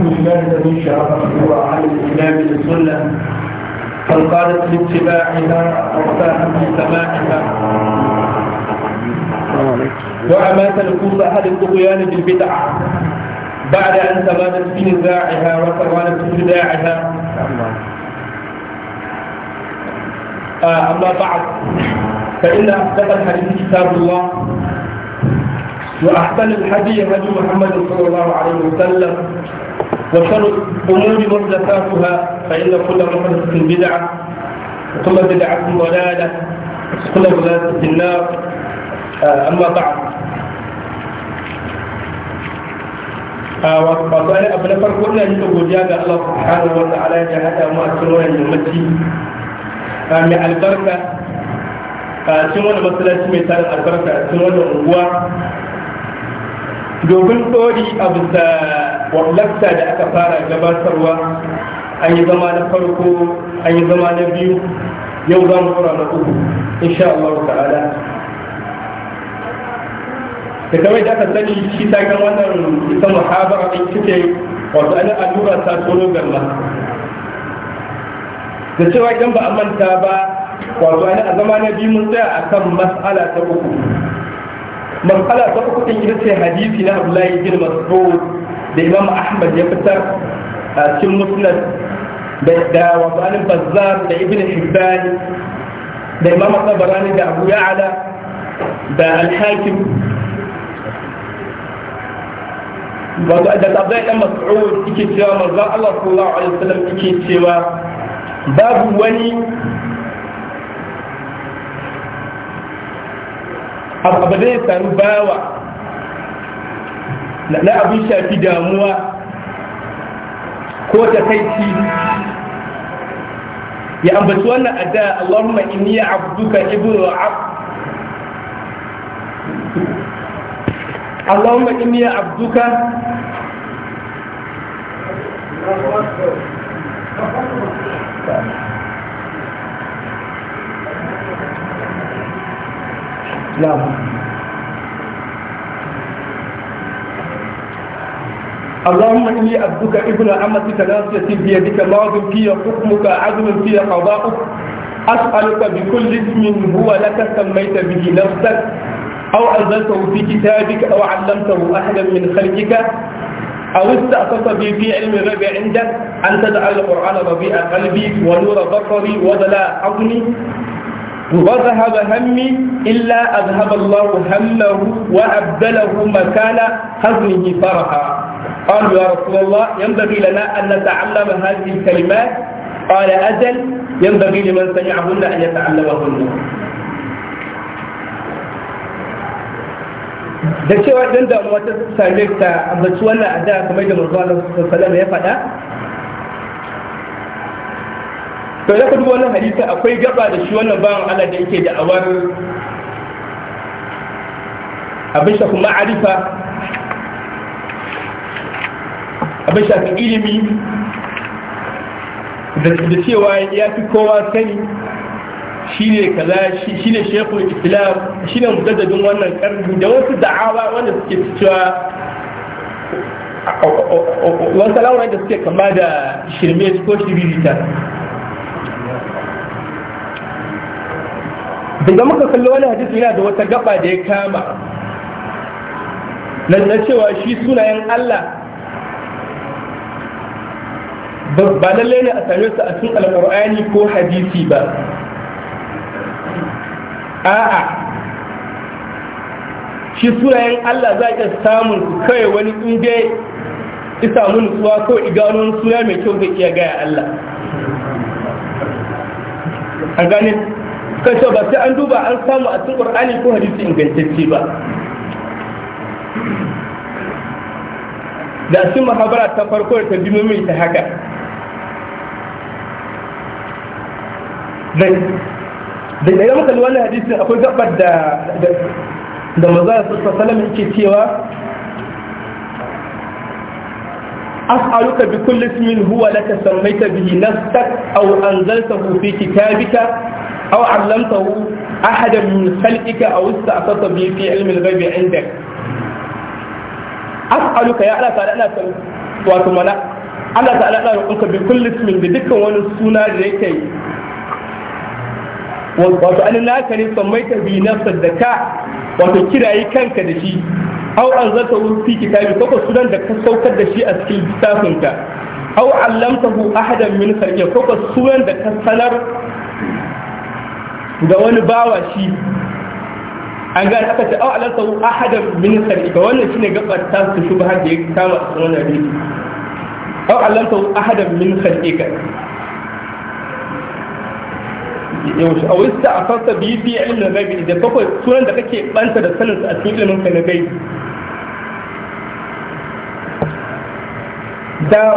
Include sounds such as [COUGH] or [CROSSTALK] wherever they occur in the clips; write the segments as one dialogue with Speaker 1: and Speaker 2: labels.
Speaker 1: الحمد لله الذي شرفه على الإسلام بالسنة فالقادة لاتباعها وفاهم سماعها وأمات نفوس أهل الطغيان بالبدع بعد أن تمادت في نزاعها وتوالت في خداعها آه، أما بعد فإن أصدق الحديث كتاب الله وأحسن الحديث هدي محمد صلى الله عليه وسلم وشر الامور محدثاتها فان كل محدثه بدعه وكل بدعه ضلاله وكل ضلاله في النار آه، اما بعد آه، وقال ابن فر كنا نتوجه الى الله سبحانه وتعالى يا هذا مؤثرون من مجدي من البركه سمونا مثلا سمي تاريخ البركه سمونا domin ɗori a bisa wallafta da aka fara gabatarwa an yi zama na farko an yi zama na biyu yau za mu ɗora na uku insha Allah ta'ala da kama da aka sani shi ta kan wannan isa muhabara ɗin kike wato an allura ta tsoro galla da cewa idan ba a manta ba wato an a zama na biyu mun tsaya akan mas'ala ta uku matsala ta uku din ita ce hadisi na Abdullahi bin Mas'ud da Imam Ahmad ya fitar a cikin musnad da wato an bazzar da Ibn Hibban da Imam Tabarani da Abu Ya'la da Al-Hakim wato da Abdullahi bin Mas'ud yake cewa manzon Allah sallallahu alaihi wasallam yake cewa babu wani abu da ya sami bawa na abin shafi damuwa ko ta kai ya ambaci wannan adda Allahumma inni abduka ibnu abd Allahumma inni abduka Thank you. لا اللهم إني عبدك ابن عمتك ناصيتي بيدك ماض في حكمك عدل في قضاؤك أسألك بكل اسم هو لك سميت به نفسك أو أنزلته في كتابك أو علمته أحدا من خلقك أو استأثرت به في علم الغيب عندك أن تجعل القرآن ربيع قلبي ونور بصري وضلاء عظمي وذهب ذهب همي إلا أذهب الله همه وأبدله مكان حزنه فرحا قالوا يا رسول الله ينبغي لنا أن نتعلم هذه الكلمات قال أجل ينبغي لمن سمعهن أن يتعلمهن da cewa dan damuwa ta same ta ambaci wannan addu'a kamar da manzo Allah sallallahu alaihi wasallam ya faɗa to da kudu wannan hadisi akwai gaba da shi wannan bayan Allah da yake da awar abin shafi ma'arifa abin shafi ilimi da cewa ya fi kowa sani shi ne kaza shi ne shekul islam shi ne mujaddadin wannan karni da wasu da'awa wanda suke cewa wasu lawan da suke kama da shirme ko shiririta daga muka kalli wani hadisi yana da wata gaba da ya kama nan na cewa shi sunayen Allah ba lallai ne a same su a cikin alƙur'ani ko hadisi ba a'a shi sunayen Allah za ka samun kai wani inda isa mun nutsuwa ko igano suna mai kyau zai iya gaya Allah A ganin. kace ba sai an duba an samu a cikin qur'ani ko hadisi ingantacce ba da cikin mahabara ta farko da ta bi mai ta haka da idan muka wannan hadisin akwai gabar da da manzo sallallahu alaihi wasallam yake cewa أسألك بكل اسم هو لك سميت به نفسك أو أنزلته في كتابك أو علمته أحدا من خلقك أو استعصت به في علم الغيب عندك أسألك يا الله تعالى أنا واتمنى Allah ta'ala na roƙonka bi kulli ismin da dukkan wani suna da yake wato an naka ne sammaita bi nafsa da ka wato kirayi kanka da shi au an zata fi kitabi ko sunan da ka saukar da shi a cikin littafin ka au allamtahu ahadan min khalqi ko sunan da ka sanar ga wani bawa shi an gane aka ce au allamtahu ahadan min ga wannan shine gabar ta su shubha da ya kama sunan da au allamtahu ahadan min khalqi yaushe a wasu a fasa biyu biyu ilimin gaibi da bakwai sunan da kake banta da sanin a cikin ilimin ka na gaibi da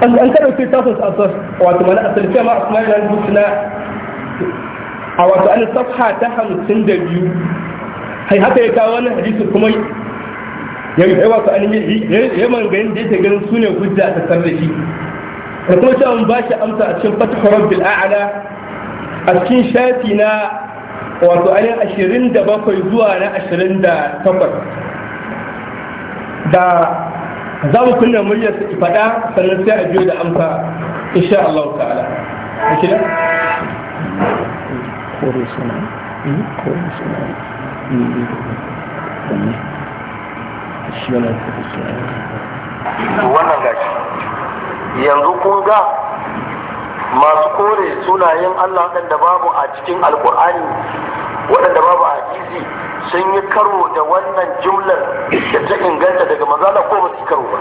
Speaker 1: an kada sai tasun asar wato mana asar ce ma asma yana rubutu na a wato an safha ta hamsin da biyu hai haka ya kawo wannan hadisu kuma ya yi wato an yi yaman ganin da yake ganin su ne hujja ta sarrafi da kuma cewa mun bashi amsa a cikin fatihar rabbil a'la a cikin shafi na wato ainihin ashirin da bakwai zuwa na ashirin da da za mu kunna muryar su faɗa sannan sai a biyo da amsa insha Allah ta'ala wannan gashi yanzu kun ga masu kore sunayen Allah waɗanda babu a cikin alkur'ani waɗanda babu a hadisi sun yi karo da wannan jumlar da ta inganta daga mazala ko ba karo ba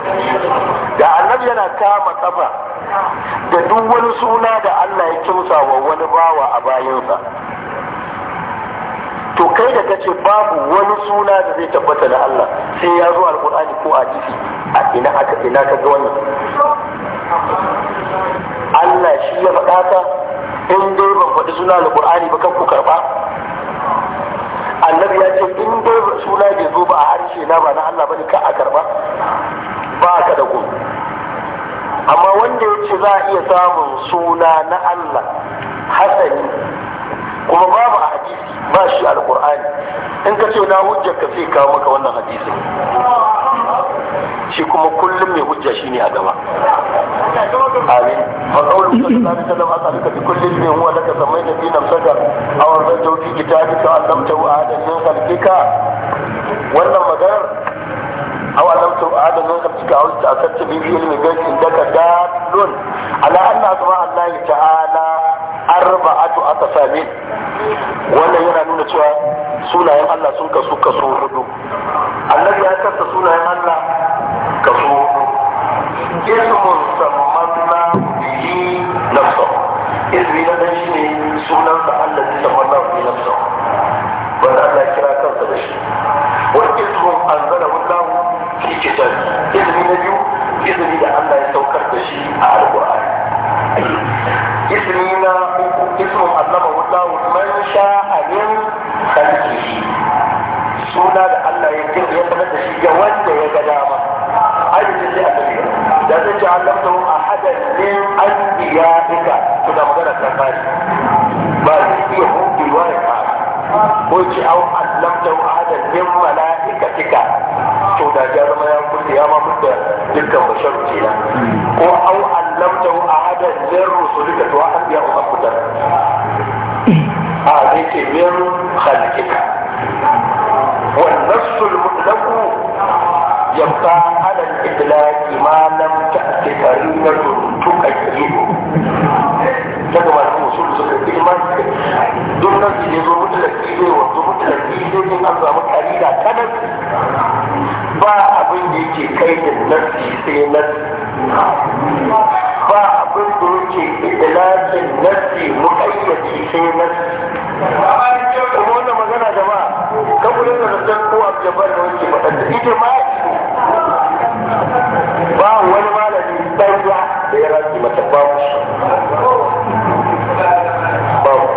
Speaker 1: da annabi yana kama kafa da duk wani suna da Allah ya kimsa wa wani bawa a bayansa to kai da kace babu wani suna da zai tabbata da Allah sai ya zo alqur'ani ko a jiki a ina aka ina ka ga wannan Allah shi ya faɗa ka in dai ban faɗi suna alqur'ani ba kan ku karɓa annabi ya ce in dai suna bai zo ba a harshe na ba na Allah bane ka a karɓa ba ka da gobe amma wanda ya ce za a iya samun suna na Allah hasani kuma babu a
Speaker 2: hadisi ba
Speaker 1: shi alkur'ani in ka ce na hujja ka sai kawo maka wannan hadisin shi kuma kullum mai hujja shi ne a gaba amin fa qawlu sallallahu
Speaker 2: alaihi wasallam asalika bi kulli min huwa laka samaita fi nafsaka aw arsalta fi kitabika
Speaker 1: allamtahu ahadan min khalqika wannan maganar aw allamtu ahadan min khalqika aw ta'assarta bi ilmi ghaibi indaka dalun ala anna asma'a Allah ta'ala arba'atu aqsami wannan yana nuna cewa sunayen Allah sun kasu kaso hudu Allah ya kasa sunayen Allah kaso hudu ismun sammanna bihi nafsa izmi na dan shine sunan sa Allah ya sammanna bihi nafsa wanda Allah ya kira kansa da shi wa ismun anzalahu Allah fi kitab izmi na biyu izmi da Allah ya saukar da shi a alqur'ani اسمي اسم علمه الله من شاء من خلقه suna da Allah ya kira ya sanar da shi ga wanda ya ga dama aiki sai a tafiya da zai ce Allah ta a hada ne an biya ika to da magana ta kare ba zai iya hudewa ya kare ko ce au Allah ta a hada ne mala'ika tika to da ya zama ya kulle ya ma kulle dukkan bashar kenan ko au allamtahu ahadan min rusulika to an biya usakutan a zai ce min khalqika wal nassul mutlaqu yabqa ala al-idlaq ma lam ta'ti qarinatu tuqayyidu daga masu usul suka iman duk nan su ne zo mutlaki ne wato ne an ba abin da yake kai da nasi sai nasi ba abin da yake idlaqin nafsi muqayyadi sai nafsi kuma wannan magana jama'a ka kula da rasul ko abjabar da yake faɗa da ijma'i ba wani malami
Speaker 2: danja da ya rasu mata ba babu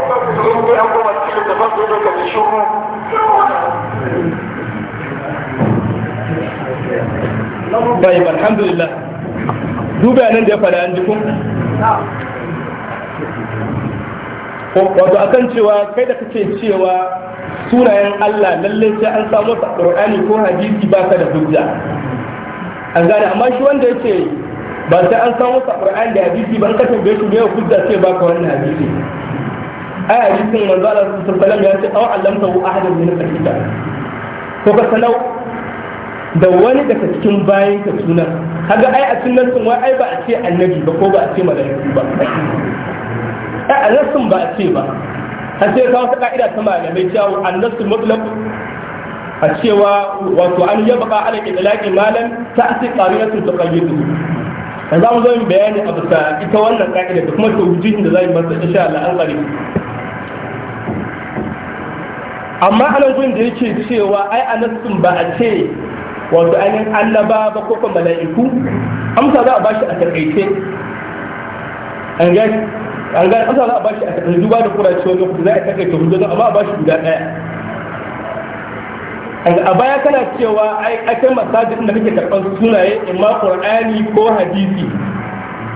Speaker 2: in dai an goma cikin da da ka shuru طيب الحمد لله
Speaker 1: duba nan da ya fada an jikun wato akan cewa kai da kake cewa sunayen Allah lallai sai an samu ta Qur'ani ko hadisi ba ka da hujja an gane amma shi wanda yake ba sai an samu ta Qur'ani da hadisi ba ka tambaye shi ne hujja sai ba ka wannan hadisi ai hadisin manzo Allah sallallahu alaihi wasallam ya ce aw allamtahu ahadan min al-kitab ko ka sanau da wani daga cikin bayan ka suna kaga ai a sunan sun wai ai ba a ce annabi ba ko ba a ce malaiku ba ai a nasin ba a ce ba a ce ka wata ka'ida ta malamai jawo annasun mutlaq a cewa wato an yaba ka ala idlaqi malan ta'ti qariyatun tuqayyidu za mu zo yin bayani a bisa ita wannan ka'ida da kuma tawjihin da za mu masa insha Allah an kare amma anan gurin da yake cewa ai a ba a ce wato ainihin annaba ba ko mala'iku amsa za a bashi a takaice an gani an gani amsa za a bashi a takaice duba da kura cewa lokacin za a takaice hujjoji amma a bashi guda ɗaya a baya kana cewa ai akai masajin da kake karban sunaye imma qur'ani ko hadisi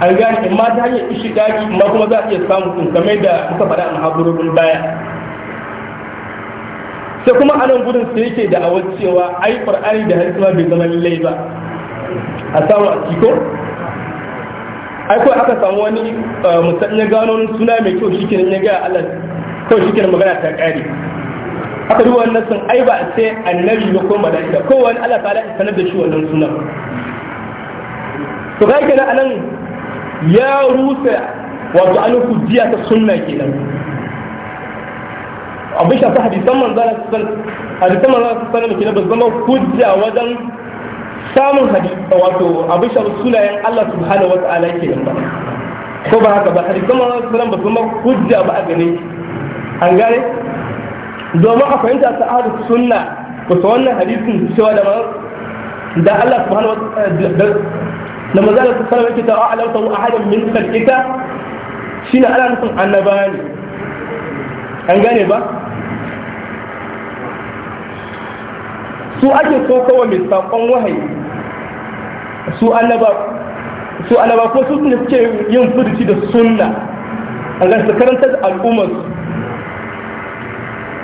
Speaker 1: an gani imma ta hanyar ishi daki imma kuma za a iya samu sun kamar da muka faɗa a muhabbirobin baya sai kuma anan gudun sai yake da awar cewa ai qur'ani da hadisi ma bai zama lallai ba a samu a ciko ai ko aka samu wani eh, mutum ya gano suna mai kyau shikenan ya ga Allah kawai shikenan magana ta kare aka duba wannan sun ai ba sai annabi ba ko malaika ko wani Allah ta alaka sanar da shi wannan sunan to kai kenan anan ya rusa wato anku jiya ta sunna kenan abin shafi hadisan manzana sassan hadisan manzana sassan da ke ba zama hujja wajen samun hadisa wato abin shafi sunayen Allah subhanahu wasu ala ke nan ba ko ba haka ba hadisan manzana sassan ba zama hujja ba a gare an gane domin a fahimta su ahadu sunna ba su wannan hadisin cewa da da Allah subhanahu wa ta'ala da manzana sassan yake ta a'alam a ahadan min khalqika shine ana nufin annabawa ne an gane ba su ake so kawai mai saƙon wahayi su annaba ko su ne suke yin furuci da sunna an gane su karanta da al'ummar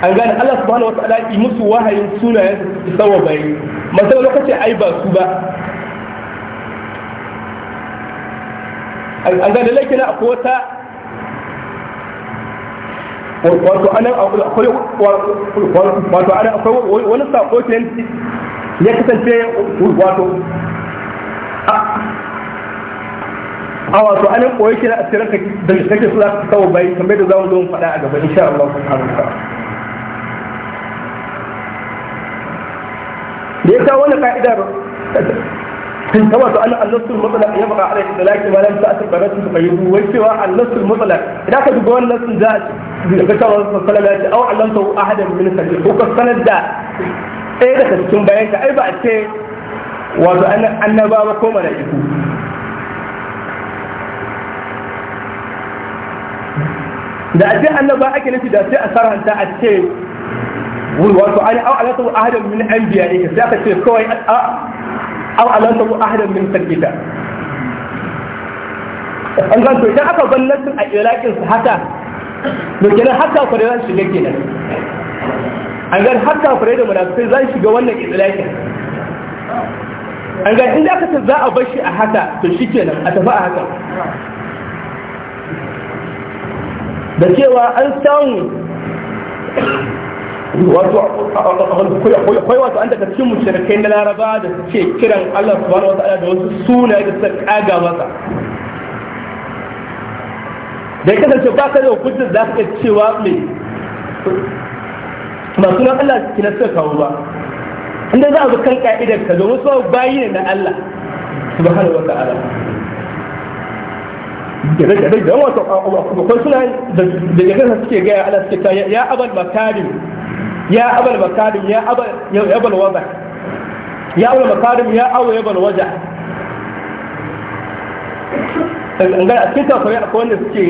Speaker 1: an gani Allah subhanahu wa ta'ala yi musu wahayin sunayen su sawa bayi masu lokacin ai ba su ba an gani laifin akwai wata wato anan akwai wato anan akwai wani sako ne ya kasance wato a wato anan koyi kira a tsirar da kake suna kawo bai kamar da zamu zo mu faɗa a gaba insha Allah subhanahu wa ta'ala da ya kawo wannan ka'idar كما قال النص المطلق يبقى عليه الطلاق ما لم تأتي قرات تقيده وسوى النص المطلق إذا كنت جوا النص ذات ذكر الله صلى الله عليه وسلم أو علمته أحدا من السنة وكسند ذات إيه ده تسمى بينك أي بعد شيء wato annabawa ko mala'iku da a ce annaba ake nufi da sai a saranta a ce wato an au alatu ahadan min anbiya ne sai aka ce kawai aw alanta ku ahadan min sarkita an zan to idan aka ban nasin a irakin su haka to kenan haka ku da zan shiga kenan an ga haka ku da munafikai zan shiga wannan irakin an ga inda aka ce za a bar shi a haka to shikenan a tafi a haka da cewa an samu akwai wato an daga cikin mushrikai na laraba da suke kiran Allah subhanahu wa ta'ala da wasu sunaye da suka kaga masa da ya kasance ba ka da za ka cewa mai masu nan Allah ki na suka kawo ba inda za a kan ka'idar ka domin su bayi ne na Allah subhanahu wa ta'ala da wasu akwai ya abal makarim ya abal makarim ya abal waza ya abal makarim ya awo ya waja ga a cikin kafare akwai wanda suke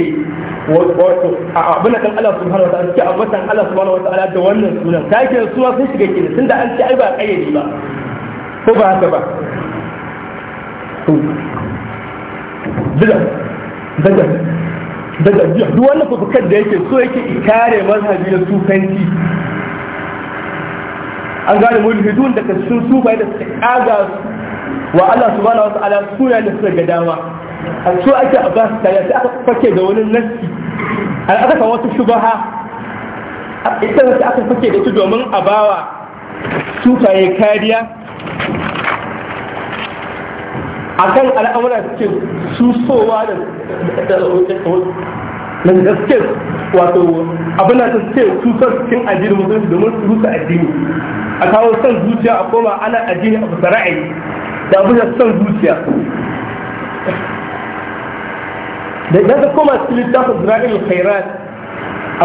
Speaker 1: wato a abin da Allah subhanahu wataala suke ambatan Allah subhanahu wataala da wannan sunan ta yake suna sun shiga kenan tunda an ce ai ba kayyade ba ko ba haka ba to bidan daga duk wani fufukan da yake so yake kare mazhabi na sufanci an gane mulhidun daga cikin sufai da suka kaga wa Allah subhanahu wataala suna da suka ga dama a so ake a ba su kariya sai aka fake da wani nassi an aka samu wata shubaha ita wata aka fake da ita domin a bawa sufaye kariya akan al'amura suke sowa da nan da suke wato abin da suke san cikin ajiyar musulunci domin su rusa ajiyar a kawo son zuciya a koma ana ajiyar a bisa ra'ayi da abin da son zuciya da ya ta koma cikin littafin zira'il khairat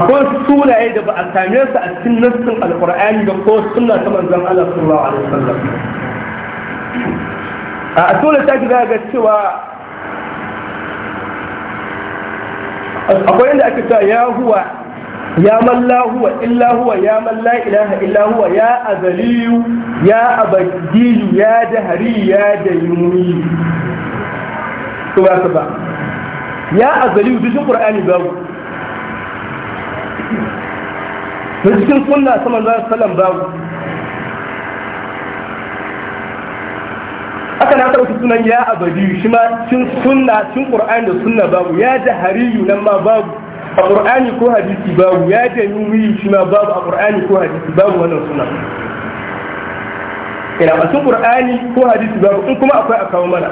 Speaker 1: akwai sunaye da ba a same su a cikin nassin alkur'ani da ko suna ta manzan Allah sallallahu alaihi wasallam a tola taki za ga cewa akwai yadda ake cewa ya huwa ya man huwa illa huwa ya man ilaha illa huwa ya azaliyu ya abadiyu ya dahari ya dayumi to ba ka ba ya azaliyu duk qur'ani babu cikin sunna sama da ba ku. aka na ɗauki sunan ya abadi shi ma cin sunna cin qur'ani da sunna babu ya jahariyu nan ma babu a qur'ani ko hadisi babu ya jami'i shi ma babu a qur'ani ko hadisi babu wannan sunan ina a cin qur'ani ko hadisi babu in kuma akwai a kawo mana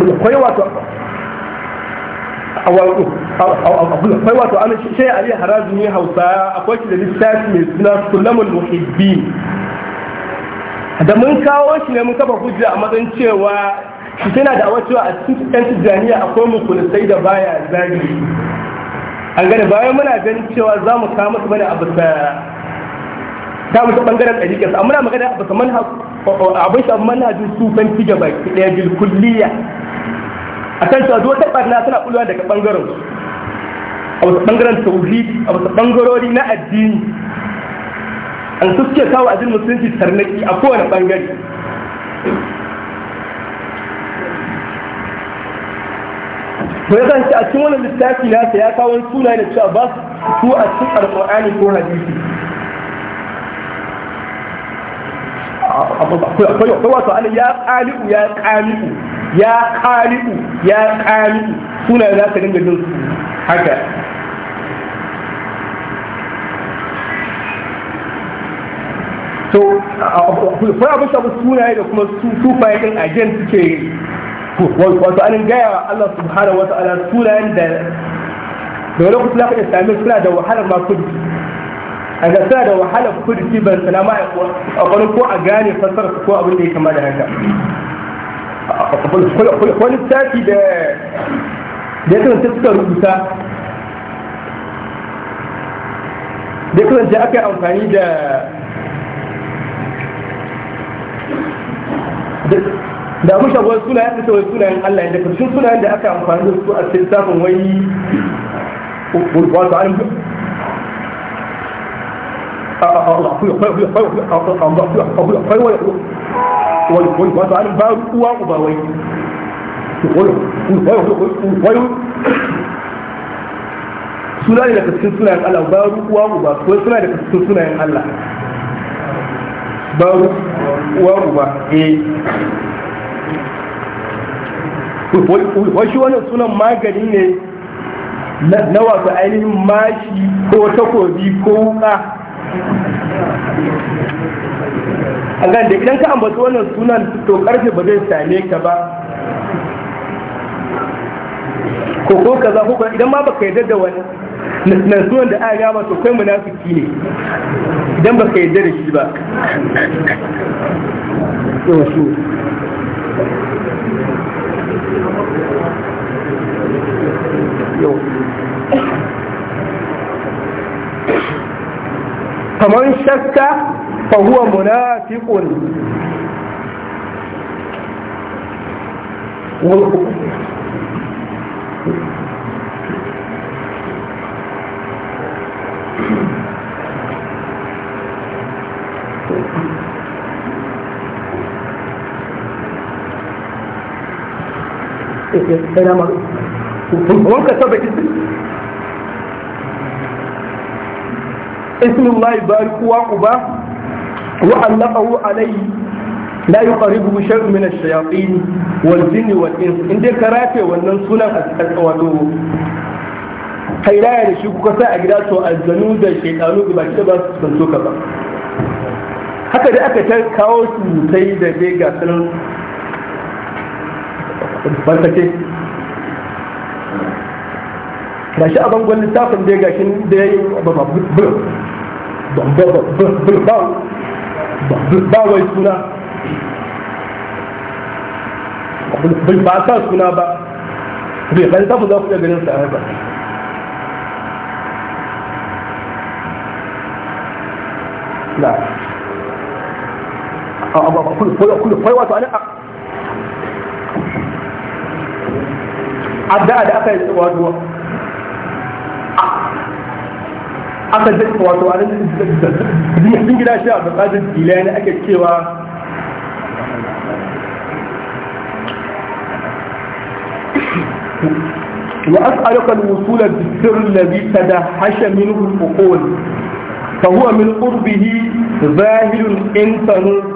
Speaker 1: akwai wato akwai wato ana shi ali harazu ne hausa akwai shi da littafi mai suna sulamul muhibbin da mun kawo shi ne mun kafa hujja a matsayin cewa shi tana da cewa a cikin yan tijjaniya akwai mukulisai da baya zagi an gane bayan muna ganin cewa za mu kawo su bane abu ta ta mutu bangaren ɗariƙarsa amma magana abu ta manhaj abin shi abu manhajin sufanci gaba ɗaya bilkulliya a kan cewa wata barna suna kulwa daga ɓangaren a wasu ɓangaren tauhidi a wasu ɓangarori na addini an su suke kawo ajin musulunci tarnaki a kowane ɓangare ko ya zanci a cikin wani littafi nasa ya kawo suna da cewa ba su a cikin alƙur'ani ko hadisi akwai wato ana ya ƙali'u ya ƙali'u ya ƙali'u ya suna za dinga jin haka so akwai abin da kuma sufaye din suke an gaya Allah subhanahu wa ta'ala sunayen da da wani kusa za sami suna da wahalar ma a gasa da wahalar da ban salama a kwanu ko a gane fasar ko abin da ya kama da haka wani tafi da ya karanta suka rubuta da karanta aka yi amfani da da abu shagwar suna ya fita wai sunayen Allah yadda kashin sunayen da aka amfani da su a cikin safin wai wato wato suna ne daga cikin Allah ba uba suna daga cikin Allah ba uba eh wai shi wannan sunan magani ne na wato ainihin mashi ko takobi ko wuka gan da idan ka ambaci wannan sunan to karfe ba zai same ka ba ko ko kaza ko idan ma baka yarda da wani na sunan da aya gama to kai munafiki ne idan baka yarda da shi ba faman shakka fa huwa munafiqun ismullahi bariku wa uba wa allaqahu alayhi la yuqaribuhu shay'un min ash-shayatin wal jinn wal ins inda karate wannan sunan wato kairaya da shi kuka sa a gida to aljanu da shaytanu ba ba su san ka ba haka da aka ta kawo sutai da dai ga sunan barkace gashi a bangon littafin dai gashin da ya yi ba ba wai suna bai ba san suna ba bai ban tafi za ku da ganin sa ba la akwai wato ana addu'a da aka yi wato وأسألك الوصول بالسر الذي تدهش منه العقول فهو من قربه ظاهر إن تنوك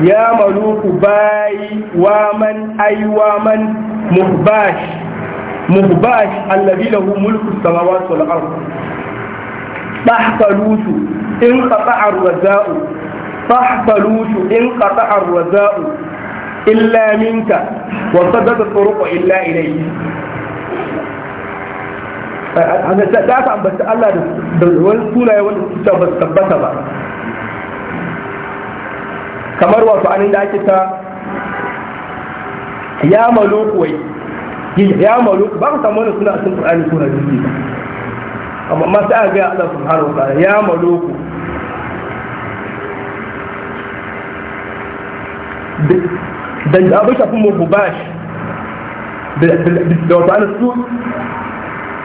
Speaker 1: يا ملوك باي ومن أي ومن مهباش مهباش الذي له ملك السماوات والأرض tahfalusu in qata'a ar-raza'u tahfalusu in qata'a ar-raza'u illa minka wa sadada turuqu ambata Allah da wani sunaye ba tabbata ba kamar wato anin da ake ta ya maluku wai ya ba ku samu wani suna a cikin Qur'ani sura ba? amma ma sai a ga Allah subhanahu wa ta'ala ya ku. da abin shafin mu bash da wata ana su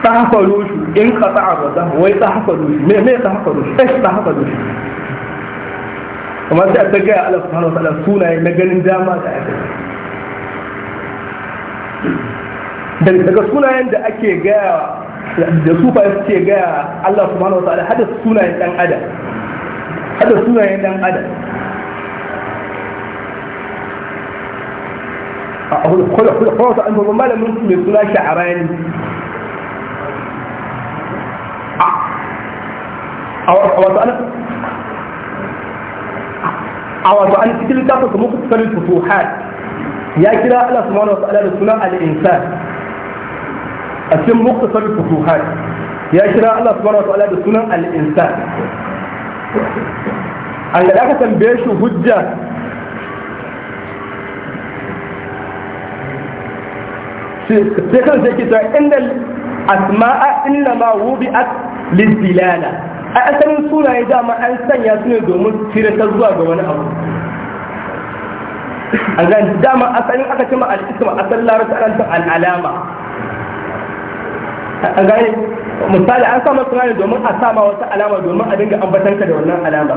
Speaker 1: ta haka shi in ka ta wata wai ta haka shi me me ta haka shi ɗashi ta haka shi amma sai a ta gaya Allah subhanahu wa ta'ala sunaye na ganin dama da aka daga sunayen da ake gaya da su sufa suke gaya Allah subhanahu wa ta'ala hada sunayen dan adam hada sunayen dan adam a hulata an babban malamin mai suna sha'arani a wasu an cikin littafin kamar kusurin fufuhat ya kira Allah subhanahu wa ta'ala da sunan al-insan a cikin muktasar futuhat ya kira Allah subhanahu wa ta'ala da sunan al-insan an ga aka tambaye shi hujja sai kan sai kita inda asma'a inna ma wubi'at lizilala a asalin sunaye dama an sanya su ne domin ta zuwa ga wani abu an ga dama asalin aka cima al-isma asal larabta an ta al-alama a gane misali an sa masa domin a sama wata alama domin a dinga ambatanka da wannan alama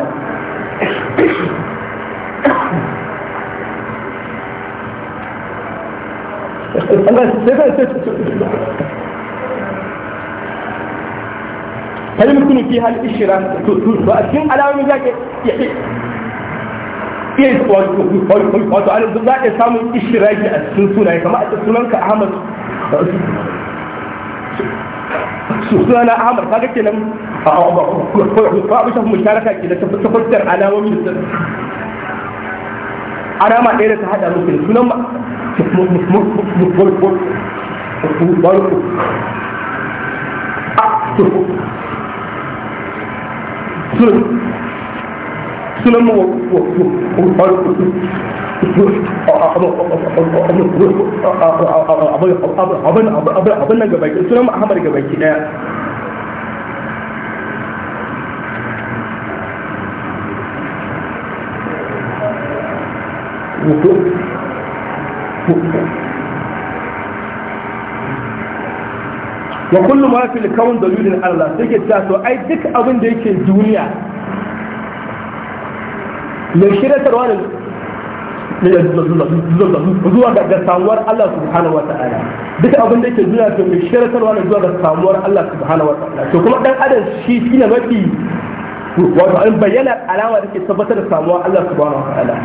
Speaker 1: هل يمكن فيها الإشرة وأسلم على من ذاك wato an za a samun ishiraki a cikin sunaye kamar a sunanka ahmad sunana ahmad kaga kenan ba abu shafi musharaka ke da ta fuskar alamomi da alama ɗaya da ta haɗa musu da sunan ba sunan mu abin nan gabaki sunan muhammad gabaki daya wa kullum ma fi kawun dalilin Allah sai ke ta to ai duk abin da yake duniya mai shirya tarwa ne zuwa ga samuwar Allah subhanahu wata'ala duka abin da yake zuwa ga mai sharatarwa ne zuwa ga samuwar Allah subhanahu wata'ala to kuma dan adam shi shine mafi wato an bayyana alama da ke tabbatar da samuwar Allah subhanahu wata'ala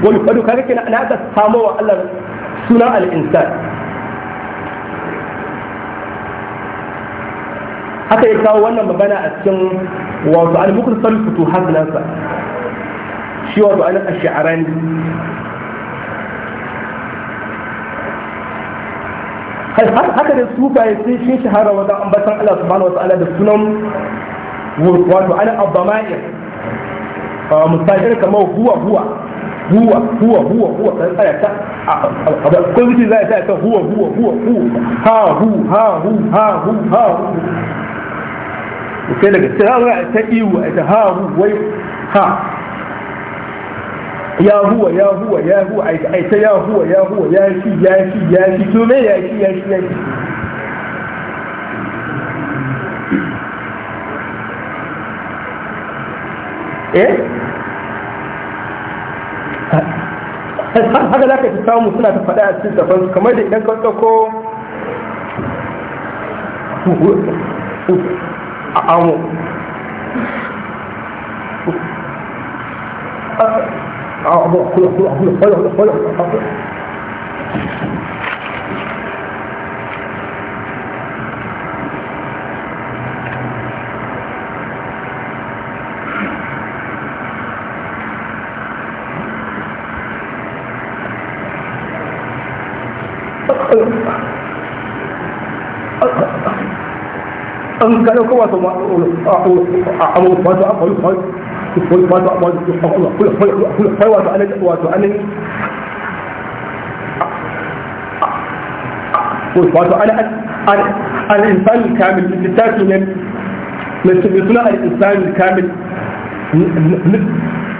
Speaker 1: wani kwado kaga kenan na aka samuwa Allah suna al-insan haka ya kawo wannan magana a cikin wato al-mukhtasar futuhat nasa shi wato anan ash'arani haka da sufaye sai shi shahara wajen ambatan Allah subhanahu wa ta'ala da sunan wato ana abamaniya mustajir kamar huwa huwa huwa huwa huwa huwa sai tsaya ta ko zuci za ta ta huwa huwa huwa hu ha hu ha hu ha hu ha hu sai daga tsara ta iwu ta ha hu wai ha ya huwa ya huwa ya huwa ai ta ya huwa ya huwa ya shi ya shi ya shi to me ya shi ya shi ya shi eh haka za ka ta samu suna ta faɗa a cikin safan kamar da idan ka
Speaker 2: tsako a amo
Speaker 1: Engkau kau waktu waktu waktu waktu waktu kawai wato ainihin wato al'insan kamil littafi ne mai suna al'insan kamil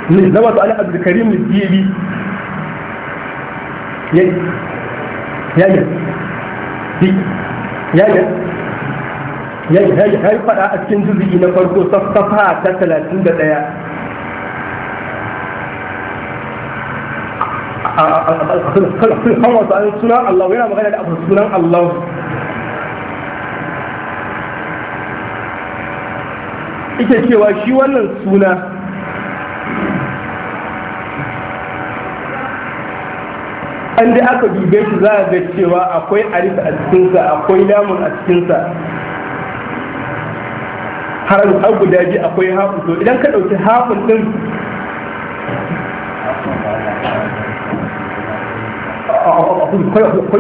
Speaker 1: ne zama su al'abdulkarim littafi ya yi fada a cikin jirgi na farko safafa ta 31 kan wasu an sunan Allah yana magana da abu sunan Allah ike cewa shi wannan suna an da aka dube shi za a ga cewa akwai alif a cikinsa akwai lamun a cikinsa har guda biyu akwai hafu to idan ka ɗauki hafun ɗin Allah to an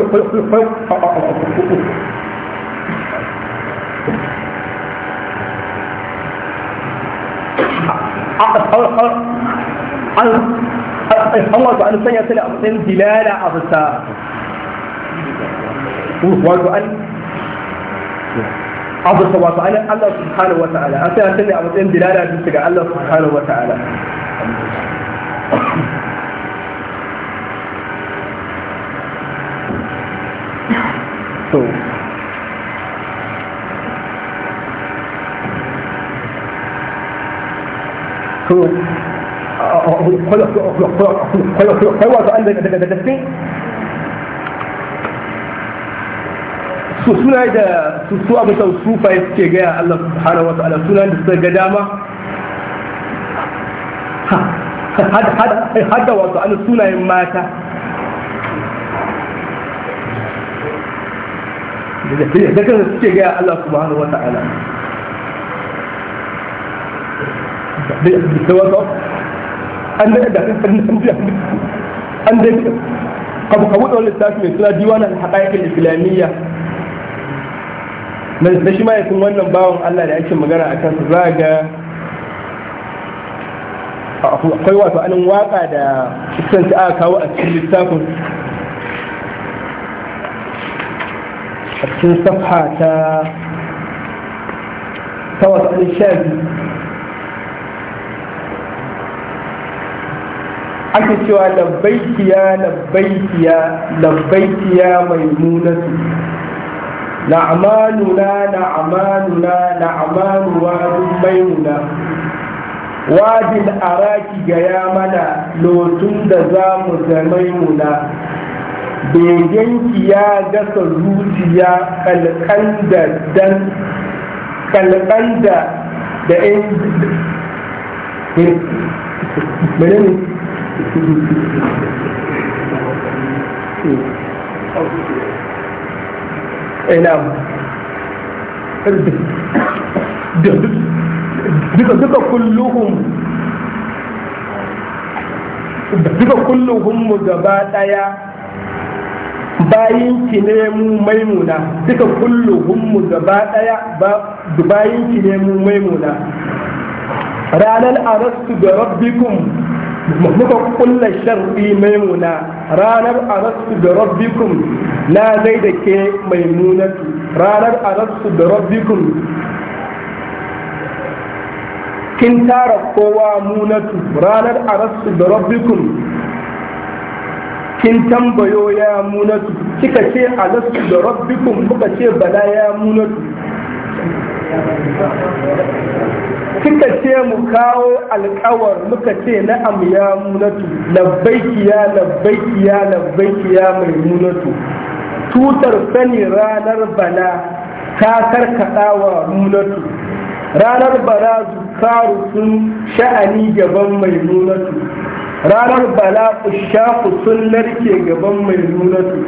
Speaker 1: sanya ta da dilala a fita wato an abu wato an Allah subhanahu wa ta'ala an sanya ta da abin dilala bisa ga Allah subhanahu wa ta'ala kwaiwato an daga gaske su suna da su su abin sau sufaye suke gaya Allah subhanahu wa ta'ala suna da suka ga dama hada wato an sunayen mata da kan suke gaya Allah subhanahu wa ta'ala da an daɗa da an daɗa kabu kabu da wani littafi mai suna da haƙaƙin islamiyya na shi ma ya wannan bawan Allah da ake magana a kansa za ga akwai wato anin waka da ta aka kawo a cikin littafin a cikin safha ta ta wasu anin biyu ake cewa labbaikiya labbaikiya labbaikiya mai munatu na'amanuna na na'amanu wadin maimuna Wajen araki gaya mana lotun da za mu ga maimuna ki ya gasa zuciya kalkan da dan kalkan da
Speaker 2: da [LAUGHS] ina eh,
Speaker 1: duka duka kulluhum duka kulluhum mu gaba daya bayin ki ne mu maimuna duka kulluhum mu gaba daya ba ki ne mu maimuna ranar arastu da rabbikum muka kulla sharri muna ranar arastu da rabbikum na zai da ke mai muna ranar arastu da rabbikum kin tara kowa munatu ranar arastu da rabbikum kin tambayo ya munatu kika ce alastu da rabbikum muka ce bala ya munatu suka ce mu kawo alkawar muka ce na amya munatu labbaiki ya labbaiki mai munatu tutar sani ranar bana ta karkada wa munatu ranar bana zukaru sun sha'ani gaban mai munatu ranar bala ushaku sun narke gaban mai nunatu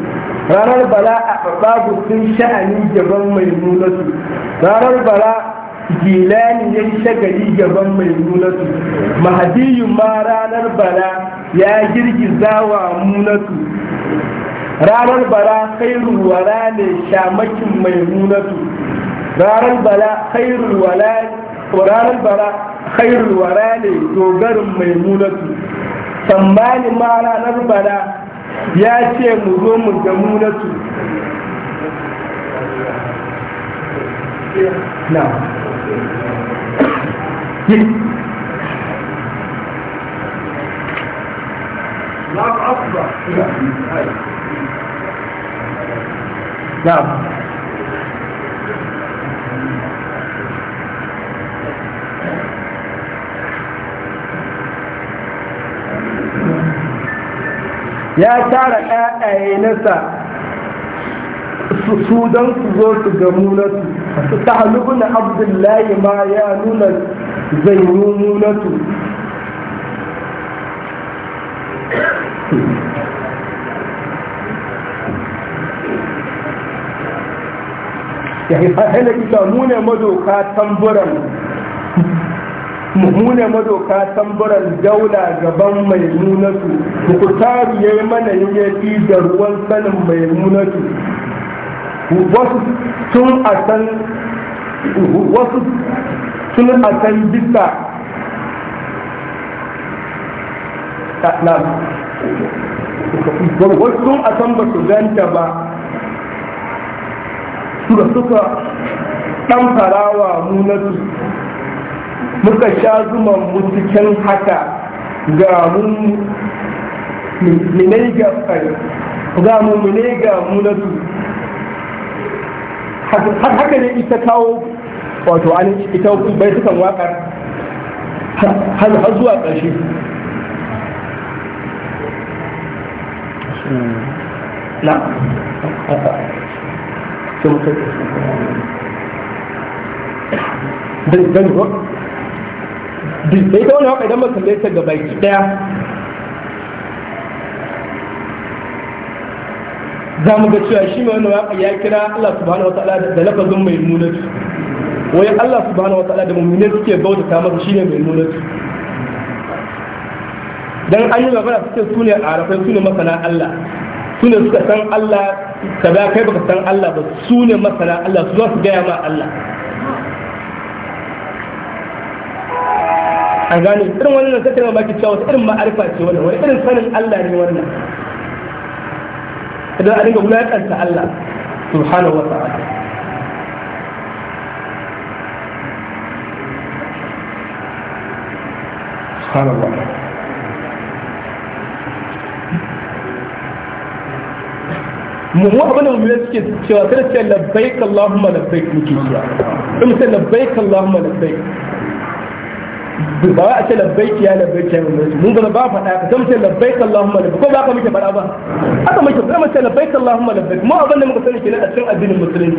Speaker 1: ranar bala a babu sun sha'ani gaban mai nunatu ranar bala gilani ya yi shagari gaban mai munatu mahadiyu ma ranar bala ya girgiza wa munatu ranar bala khairul wala ne shamakin mai munatu ranar bala khairul wala ranar bala khairul wala ne dogarin mai munatu tambani ma ranar bala ya ce mu zo mu ga munatu نعم ya tara ƙaƙaye nasa su don su zo su ga munatu ta halubu na abdullahi ma ya nuna zanyu munatu ya yi fahimta ita mune madoka tamburan mummune madoka tamburan daula gaban mai munatu ku taru ya yi mana yi da ruwan sanin mai munatu wasu sun a can wasu sun a bisa na wasu sun a ba su ganta ba suka suka ɗan farawa munatu muka sha zuman mu cikin haka ga mun minai ga ga mu minai ga munatu
Speaker 2: har haka
Speaker 1: ne ita kawo wato an ita bai sukan waƙar har zuwa ƙarshe
Speaker 2: na da ita
Speaker 1: wani haka idan ba kalle ta gaba ki daya za mu ga cewa shi mai wannan waƙa ya kira Allah subhanahu wa ta'ala da lafazin mai munatu wai Allah subhanahu wa ta'ala da mummune suke bautata masa shine mai munatu dan an yi magana suke su ne arafai su ne masana Allah su ne suka san Allah ka ba kai baka san Allah ba su ne masana Allah su za su gaya ma Allah an gane irin wannan sai ta mamaki cewa irin ma'arifa ce wannan wani irin sanin Allah ne wannan don a dinga wulaƙanta Allah subhanahu wa ta'ala subhanallah mu abin da mu suke cewa sai da ce labbaik Allahumma labbaik muke cewa in sai labbaik Allahumma labbaik ba wai a ce labbaiki ya labbaiki ya labbaiki mun gaba ba faɗa ka zama ce labbaik Allahumma labbaik ko ba ka muke faɗa ba haka muke zama ce labbaik Allahumma labbaik mu abin da muka sani kenan a cikin addinin musulunci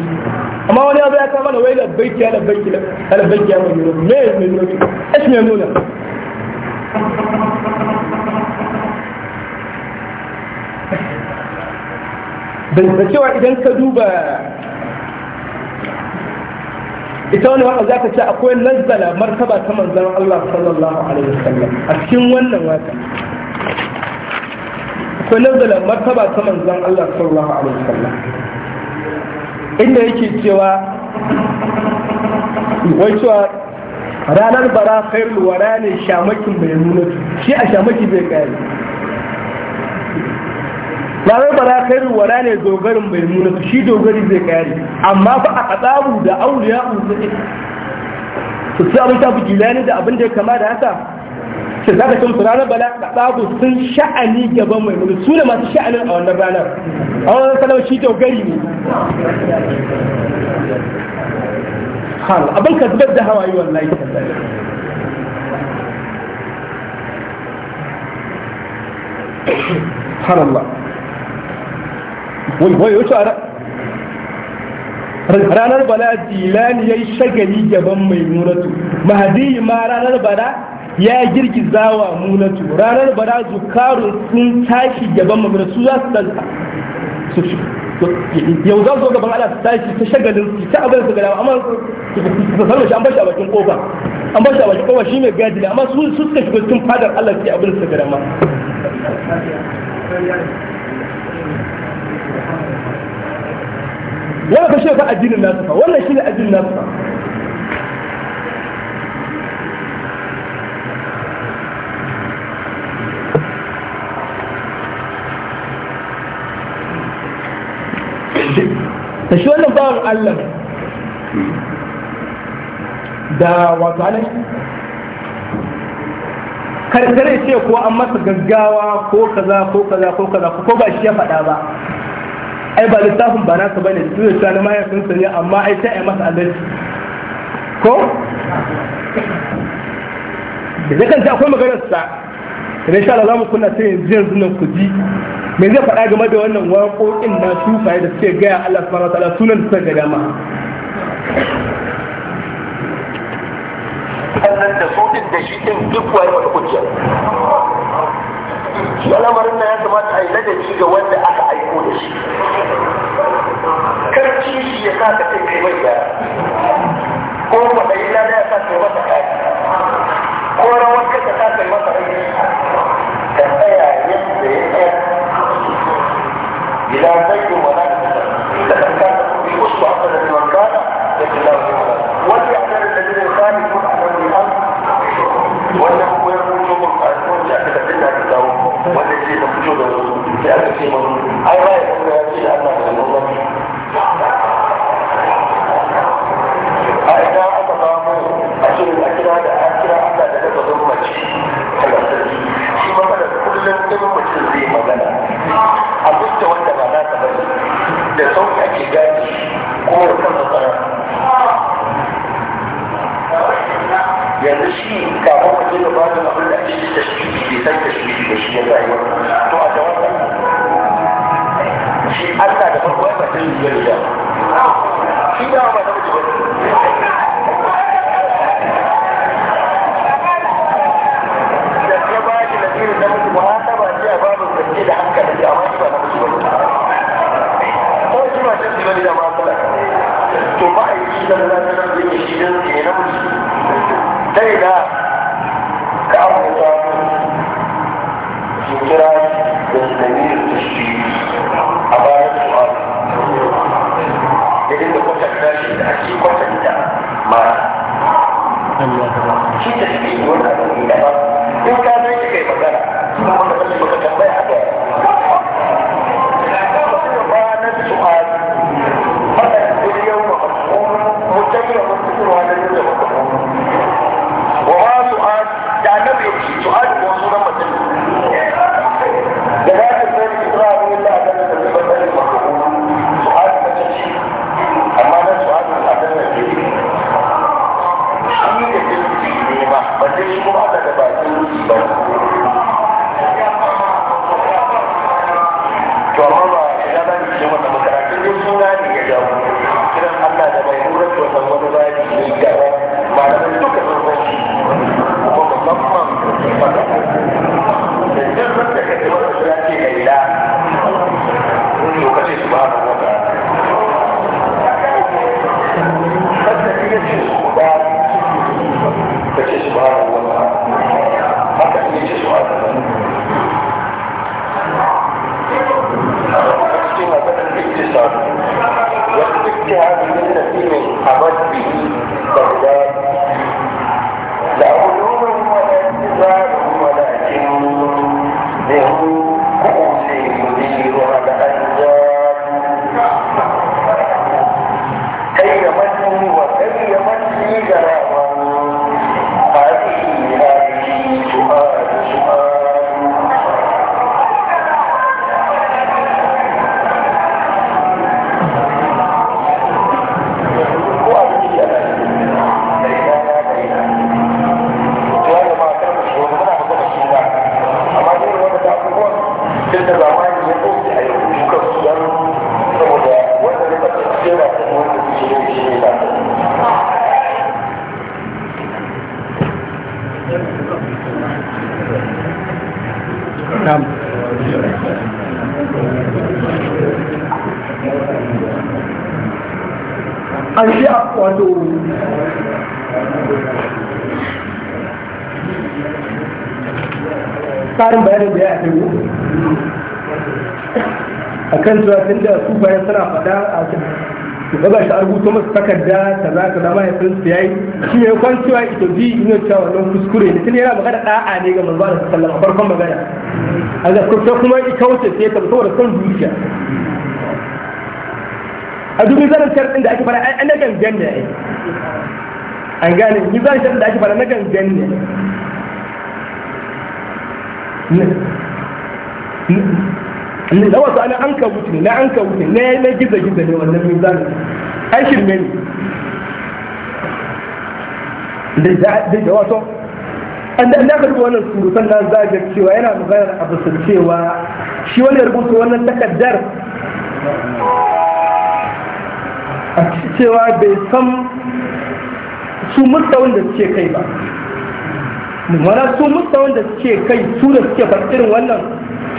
Speaker 1: amma wani ya zo ya kama da wai labbaik ya labbaik ya labbaik ya mai nuna me mai nuna es mai nuna da cewa idan ka duba ita wani waka za ka ce akwai lazzala martaba ta manzan Allah sallallahu alaihi wasallam a cikin wannan waka akwai lazzala martaba ta manzan Allah sallallahu alaihi wasallam inda yake cewa wai cewa ranar bara khairul wara ne shamakin bai nuna shi a shamaki bai kare na zai bara kai wala ne dogarin bai nuna shi dogari zai kare amma fa a katsabu da auliya uzu su sai abin tafi gilani da abin da ya kama da haka za ka cin ranar bala katsabu sun sha'ani gaban mai nuna su ne masu sha'anin a wannan ranar a wannan sanar shi dogari ne hal abin ka zubar da hawaye wallahi Allah. wai wai wasu ranar bala jilani ya yi shagali gaban mai munatu mahadi ma ranar bala ya girgiza wa munatu ranar bala zukarun sun tashi gaban mai su za su danta yau za su gaban ala su tashi ta shagalin su ta abin su gada amma su sanar shi an bashi a bakin kofa an bashi a bakin kofa shi mai gadi amma su suka shiga cikin fadar allah su abin su gada ma Wannan ka shi ba addinin nasu fa wannan shi ne addinin nasu fa da shi wannan bawan Allah da wato alai karkare ce ko an masa gaggawa ko kaza ko kaza ko kaza ko ba shi ya faɗa ba ai ba littafin ba nasa bane duk ta na mahaifinsa ne amma ai ta yi masa adalci ko da zai kanta akwai maganar sa da insha Allah zamu kunna sai yanzu yanzu nan ku ji me zai faɗa game da wannan waƙoƙin na sufaye da suke gaya Allah subhanahu wa sunan da suka dama sannan da su da shi ɗin duk wani wata shi al'amarin na ya kamata a yi ladabi ga wanda aka aiko da shi kar kishi ya sa ka kai mai gyara ko kwaɗayi na ya sa kai masa kai ko rawar ka ta sa kai masa rai ka tsaya yadda ya tsaya idan zai yi wala da ta kasa kuma yi wasu a tsarin wanka da kila wani wani ya tsarin da zai kani
Speaker 2: ce ta fito da wasu sai aka ce mun ai ba ya kuma ya ce da Allah da gwamnati a ina aka ba mu a ce a kira da a kira Allah da daga gwamnati talatari shi magana kullum
Speaker 1: ɗin mutum zai magana a duk da wanda ba na da sauki ake gani kuma da kan matsara yanzu shi kafin القضيه بعد ما قلنا اكيد التشكيك لسان تشكيك مش هي بقى هتقع جواب حتى ده هو ما تنزل
Speaker 2: الجواب في ده ما تنزل
Speaker 1: da hankali da amma ba na musu ba ko shi ma sai da ma talaka to ba a yi shi da nan da nan da shi ce da ake kwatanta mata shi ta fi rubuta masa takarda ta za ka zama ya su yayi shi ne kwan ita bi ina cewa wannan kuskure ne tun yana magana da'a ne ga manzo da sallallahu a farkon magana a gaskata kuma ita wuce sai ta saboda son zuciya a duk zaran sharɗin da ake fara an na gangan ne A gane ni zaran sharɗin da ake fara na gangan ne Na wasu ana an ka wuce na an ka wuce na gizo gizo ne wannan mizanin aikin meni da wato an da aka duba wannan surutan na zaga cewa yana magana a basar cewa shi wani rubuta wannan takaddar a cewa bai san su mustawan da suke kai ba mana su mustawan da suke kai su da suke fasirin wannan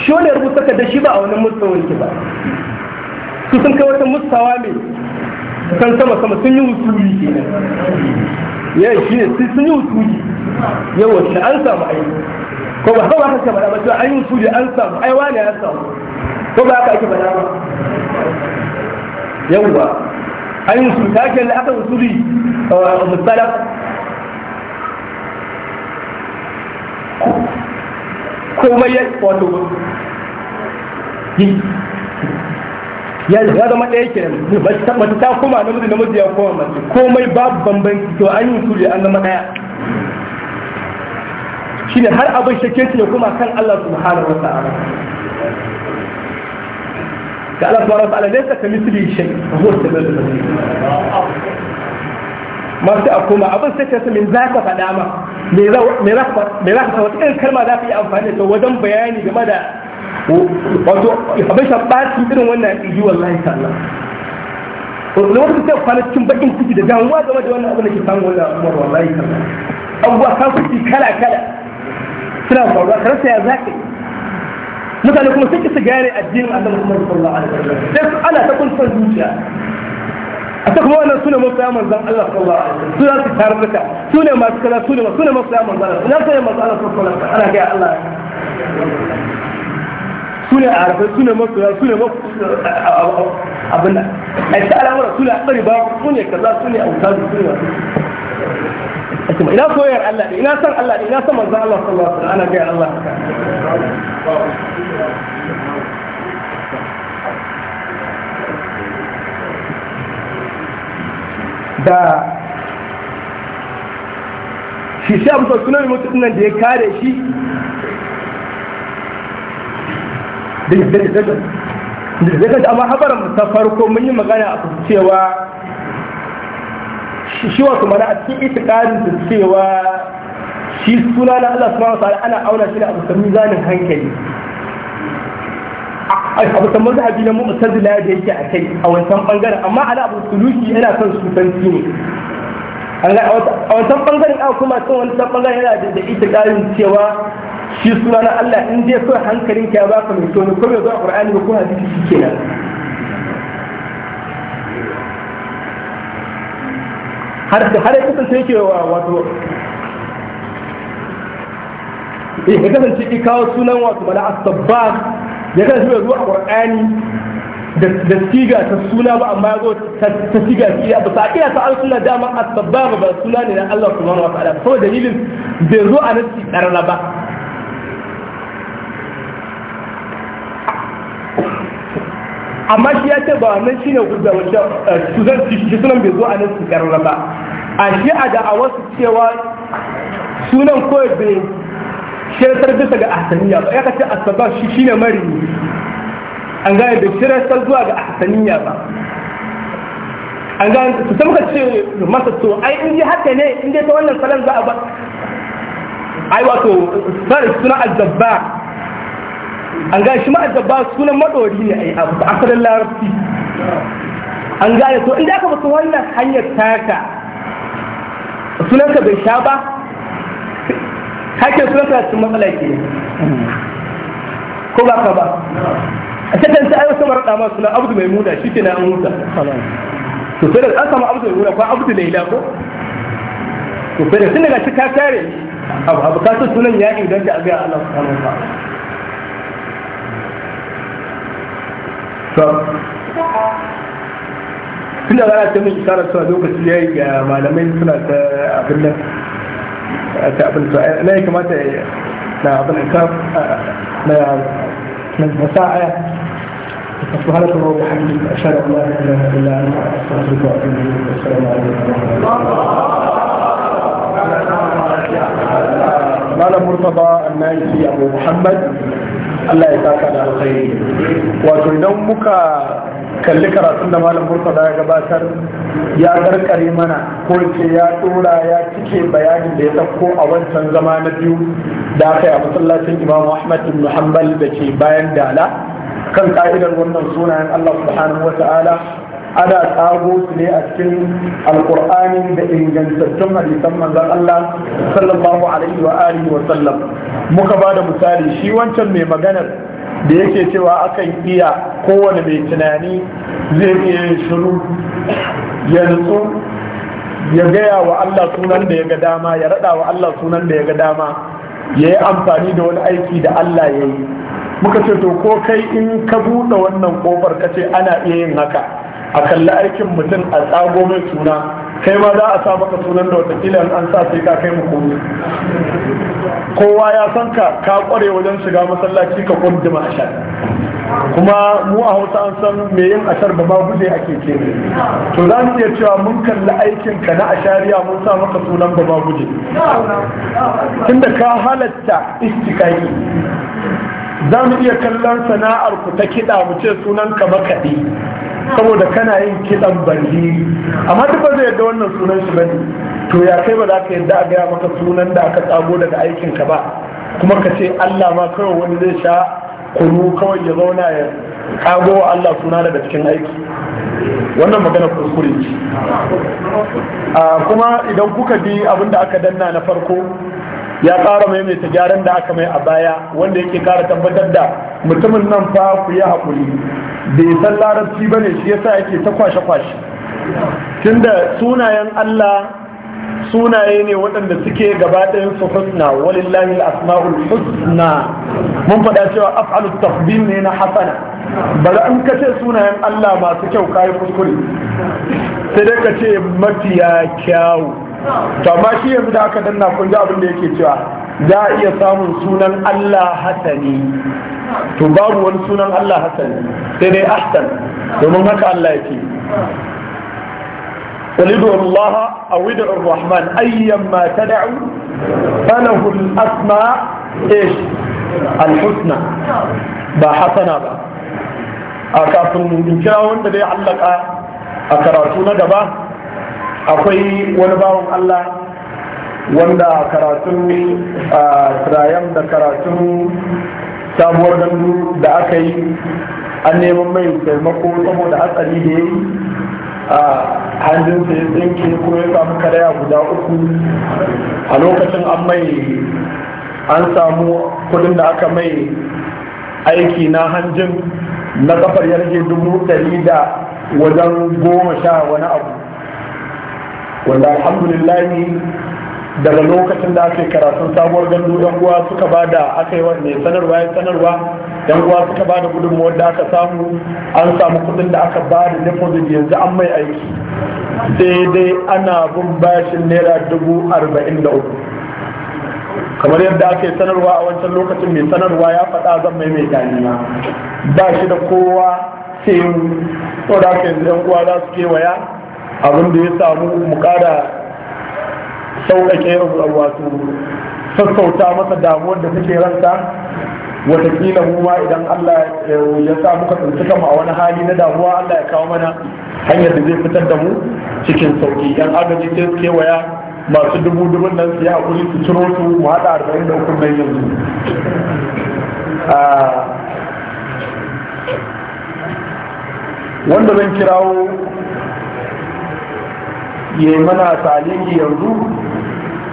Speaker 1: shi wani rubuta takaddar shi ba a wannan mustawan ki ba su sun kai wata mustawa mai kan sama sama sun yi wutuli ke nan ya shi ne sun yi wutuli ya wasu an samu aiki ko ba haka aka faɗa ba cewa an yi wutuli an samu ai ne an samu ko ba haka ake faɗa ba yawa an yi wutuli ta ke da aka wutuli a musalaf komai ya wato ya zama ɗaya ke mace ta koma namiji namiji ya koma mace komai babu bambanci to an yi turi an zama ɗaya shine har abin su ne kuma kan Allah subhanahu wa ta'ala ga Allah subhanahu wa ta'ala laysa ka kami shay shai a samiu al-basir ma sai a koma abin sai ka min za ka faɗa ma me za ka me za ka kalma za ka yi amfani da wajen bayani game da wato habasha ɓaci irin wannan iji wallahi ta'ala lokacin ta kwana cikin bakin ciki da damuwa game da wannan abin da ke samu wannan abubuwar wallahi ta'ala abubuwa kafirci kala kala suna faruwa ka sai ya zaka mutane kuma suke su gane addinin Allah Muhammad sallallahu alaihi wasallam sai su ana ta kun kuntar zuciya a ta kuma wannan sune mafiya manzan Allah sallallahu alaihi wasallam suna su tarbuka sune masu kala sune masu sune mafiya manzan Allah sune masu Allah sallallahu alaihi wasallam ana ga Allah su ne arafai su ne masoya su ne abin a yi alamar su ne akari ba su ne kaza su ne a auta su ne wasu ina soyar Allah ina san Allah ina san manzan Allah sallallahu alaihi wasallam ana gaya Allah da shi sai abu sunan mutum nan da ya kare shi zirga amma habarin ta farko mun yi magana a cewa shi wasu mana a cikin itikarin da cewa shi suna na Allah suna wasu ana auna shi da abu sami zanen hankali abu kan mazhabi na musar da yake a kai a wancan bangaren amma ala abu suluki yana son sufanci ne a wancan bangaren a kuma kan wani san bangaren yana da ita ƙarin cewa shi suna na Allah in dai kawai hankalin ka ya baka mai kyau ne ko bai zo a Qur'ani ba ko hadisi shi kenan har har ya kasance yake wa wato ya kasance ki kawo sunan wato mana as-sabbah ya kasance bai zo a Qur'ani da siga ta suna ba amma ya ta siga siya ba sa kira ta alsuna dama asbaba ba suna ne na Allah subhanahu wa ta'ala saboda dalilin bai zo a nasi karara ba amma shi ya ce ba nan shine gurda wacce eh, zan shi sunan bai zo a nasi karara ba a shi a da a wasu cewa sunan kawai bai ya bisa ga ahsaniya ba ya kace asbaba shi shine marini an gane da shirar zuwa ga ahsaniya ba an gane su ta muka ce masa to ai in ji haka ne in dai ta wannan salon za a ba ai wato sare suna azzabba an gane shi ma azzabba sunan madori ne ai abu a sadan larabci an gane to inda aka mutu wannan hanyar taka sunanka bai sha ba hakin sunanka sun matsala ke ko ba ka ba a cikin sai wasu marɗa ma suna abdu mai muna shi ke na an huta to sai da an samu abdu mai muna ko abdu laila ko
Speaker 2: to sai da tun daga
Speaker 1: shi ka tare abu abu ka so sunan ya inganta a ga Allah subhanahu wa ta'ala tun da rana ta mun isharar suna lokaci ya yi ga malamai suna ta abin nan ta abin to na ya kamata na abin ka na من أساء فهل ترى بحمد أشهد أن لا إله إلا أنت أستغفرك وأتوب إليك والسلام عليكم
Speaker 2: ورحمة
Speaker 1: الله مرتضى النايسي أبو محمد الله ya خير da alkhairi kalli karatun da malam murtala ya gabatar ya karkare mana ko ce ya dora ya cike bayanin da ya dauko a wancan zama na biyu da aka yi a masallacin imamu ahmad ibn hanbal da ke bayan dala kan ka'idar wannan sunayen allah subhanahu wa ta'ala ana tsago su ne a cikin alkur'ani da ingantattun hadisan manzon allah sallallahu alaihi wa alihi wa sallam muka ba da misali shi wancan mai maganar da yake cewa akan iya kowane mai tunani zai iya shiru ya nutsu ya gaya wa Allah sunan da ya ga dama ya rada wa Allah sunan da ya ga dama ya yi amfani da wani aiki da Allah ya yi muka ce to ko kai in ka buɗe wannan ƙofar ka ce ana iya yin haka a kalli aikin mutum a tsago mai suna kai ma za a sa maka sunan da watakila an sa sai ka kai mu komi kowa ya san ka ka kware wajen shiga masallaci ka kundima ashar kuma mu a hausa an san me yin ashar ba ba guje ake ce to za mu iya cewa mun kalli aikin ka na ashariya mun sa maka sunan ba ba guje tunda ka halatta istikai za mu iya kallon sana'ar ku ta kiɗa mu ce sunan ka makaɗi saboda kana yin kiɗan bandi amma duk ba zai yadda wannan sunan shi bane to ya kai ba za ka yadda a gaya maka sunan da aka tsago daga aikin ka ba kuma ka ce Allah ma kawai wani zai sha kunu kawai ya zauna ya wa Allah suna daga cikin aiki wannan magana kuskure ce ah, kuma idan kuka bi abin da aka danna na farko ya ƙara maimaita gyaran da aka mai a baya wanda yake ƙara tabbatar da mutumin nan fa ku yi haƙuri bai san larabci ba ne shi sa yake ta kwashe-kwashe tunda sunayen Allah sunaye ne waɗanda suke gaba ɗayan su husna walillahi asma'ul husna mun faɗa cewa af'alu tafdil ne na hasana bari an kace sunayen Allah masu kyau kayi kuskure sai dai ka ce mafiya kyawu
Speaker 2: to amma
Speaker 1: shi yanzu da aka danna kun ji abin da yake cewa za a iya samun sunan Allah hasani to babu wani sunan Allah hasani sai dai ahsan domin haka Allah yake قل ادعوا الله او ادعوا الرحمن ايما تدعوا فله الاسماء ايش الحسنى با حسنى با a kafin mun kira wanda zai allaka a karatu na gaba akwai wani bawan allah wanda karatun a tirayen da karatun sabuwar gandu da aka yi an neman mai taimako saboda hatsari da ya yi a hanjinsa ya tsinke ko ya samu karaya guda uku a lokacin an mai an samu kudin da aka mai aiki na hanjin na kafar yarje dubu ɗari da wajen goma sha wani abu wanda alhamdulillahi daga lokacin da ake karatun sabuwar gandu yan uwa suka ba da aka yi mai sanarwa ya sanarwa yan uwa suka ba da gudunmu da aka samu an samu kudin da aka ba da deposit yanzu an mai aiki sai dai ana bin bashin naira dubu arba'in da uku kamar yadda aka yi sanarwa a wancan lokacin mai sanarwa ya faɗa zan mai mai ganiya ba shi da kowa sai yi da aka yanzu yan uwa za su kewaya abin da ya samu mu ƙara sauƙaƙe wato sassauta masa damuwar da take ranta watakila mu ma idan Allah ya sa muka tsinci kama a wani hali na damuwa Allah ya kawo mana hanyar da zai fitar da mu cikin sauƙi yan agaji sai su kewaya masu dubu dubu nan su yi hakuri su ciro su mu haɗa arba'in da hukun yanzu ah, wanda zan kirawo ya yi mana taliki yanzu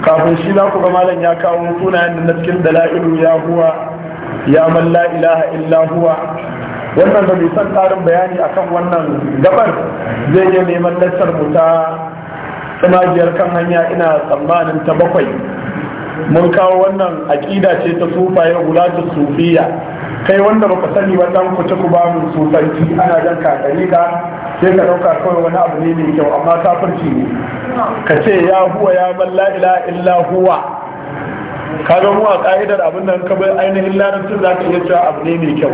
Speaker 1: kafin shi za ku ga malam ya kawo sunayen da na cikin dala'ilu ya huwa ya man la ilaha illa huwa wannan da mai son tsarin bayani akan wannan gabar zai yi neman lantar mu ta tsamajiyar kan hanya ina tsammanin ta bakwai mun kawo wannan aƙida ce ta sufaye gulatu sufiya kai wanda ba ku sani ba dan ku ci ku ba mu sufanci ana jan kakari ka sai ka ɗauka kawai wani abu ne mai kyau amma kafirci ne ka ce ya huwa ya man la ilaha illa huwa ka ga mu a ka'idar abin nan ka bai ainihin larabcin za ka iya cewa abu ne mai kyau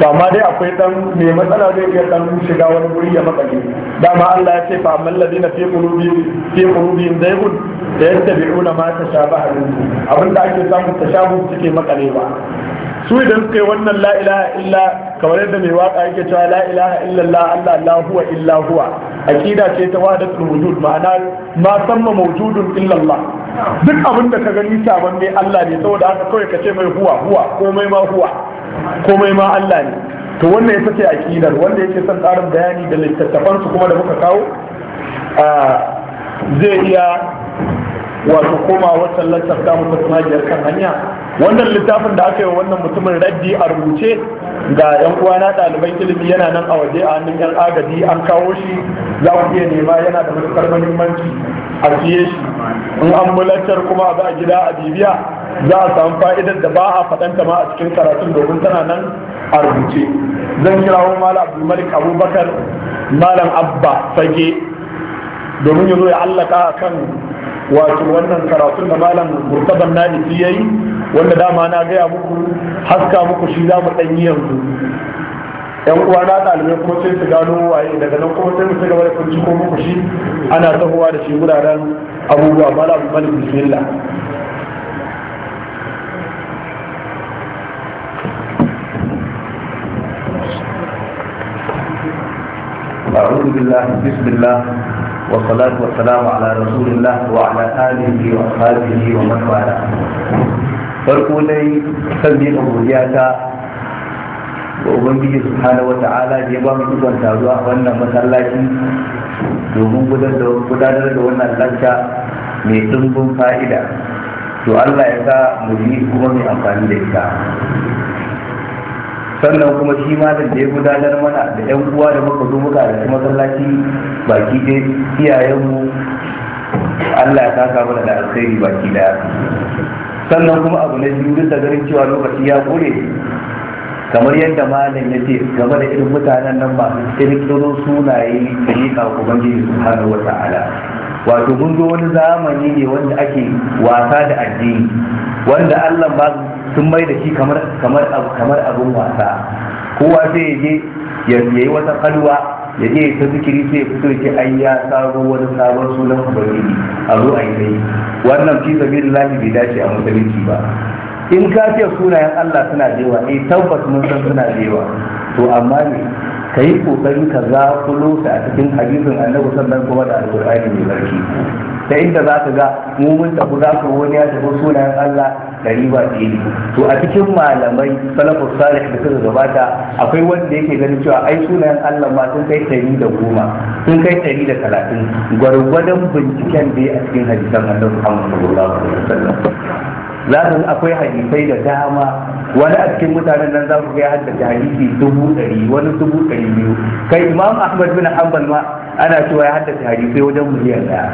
Speaker 1: to amma dai akwai dan mai matsala zai iya dan shiga wani guri ya matsale dama Allah ya ce fa amman ladina fi qulubi fi qulubihim zaygun da yattabi'una ma tashabaha minhu abin da ake samu tashabu suke makalewa su idan suka yi wannan la ilaha illa kamar yadda mai waka yake cewa la ilaha illallah Allah la huwa illa huwa aqida ce ta wahdatul wujud ma'ana ma samma mawjudun illallah duk abin da ka gani sabon ne Allah ne saboda aka kawai ka ce mai huwa huwa komai ma huwa komai ma Allah ne to wannan yasa ce aqidar wanda yake son tsarin bayani da littattafan su kuma da muka kawo ah, zai iya wato koma da muka samun jiyar kan hanya wannan littafin da aka yi wannan mutumin raddi a rubuce ga yan uwana ɗaliban ilimi yana nan a waje a hannun yan agaji an kawo shi za ku iya nema yana da matukar muhimmanci a siye shi in an bulatar kuma a a gida a bibiya za a samu fa'idar da ba a faɗanta ma a cikin karatun domin tana nan a rubuce zan kirawo malam abdulmalik abubakar malam abba fage domin ya zo ya allaka a kan wato wannan karatun da malam murtaban na isi yayi wanda dama na gaya muku haska muku shi za mu yi yanzu yan uwa na ɗalibai kuma sai su gano waye daga nan kuma sai mu gaba da kunci ko muku shi ana tahowa da shi wuraren abubuwa malam malik bismillah أعوذ بالله بسم الله والصلاة والسلام على رسول الله وعلى آله وأصحابه ومن والاه farko dai sannin abuja ta ga ubangiji subhanahu wata'ala da ya ba mu wannan masallaci domin gudanar da wannan lanta mai ɗumbin fa'ida to allah ya sa mu yi kuma mai amfani da ita sannan kuma shi malam da ya gudanar mana da yan uwa da muka zo muka da masallaci baki dai iyayenmu Allah ya saka mana da alkhairi baki da sannan kuma abu na biyu duk da garin cewa lokaci ya kore kamar yadda malam ya ce game da irin mutanen nan ba kirkiro sunaye da yi ku jini subhanahu wa ta'ala wato mun zo wani zamani ne wanda ake wasa da addini wanda Allah ba sun mai da shi kamar kamar abun wasa kowa sai ya ya yi wata kalwa ya je ta zikiri sai ya fito ce ai ya sabo wani sabon sunan ubangiji a zo a yi sai wannan fi lafi bai dace a musulunci ba in ka ce sunayen Allah suna da yawa eh tabbas mun san suna da to amma ne ka yi kokari ka ku lota a cikin hadisin annabi sannan kuma da alkur'ani mai barki ta inda za ka ga mu mun tafi za ka wani ya tafi sunayen Allah ɗari ba ɗaya ne to a cikin malamai salafus salih da suka gabata akwai wanda yake ganin cewa ai sunayen Allah ma sun kai ɗari da goma sun kai ɗari da talatin gwargwadon binciken da ya a cikin hadisan annabi Muhammad sallallahu alaihi wasallam za su akwai hadisai da dama wani a cikin mutanen nan za ku ga haddace hadisi dubu ɗari wani dubu ɗari biyu kai imam ahmad bin hanbal ma ana cewa ya haddace hadisai wajen miliyan ɗaya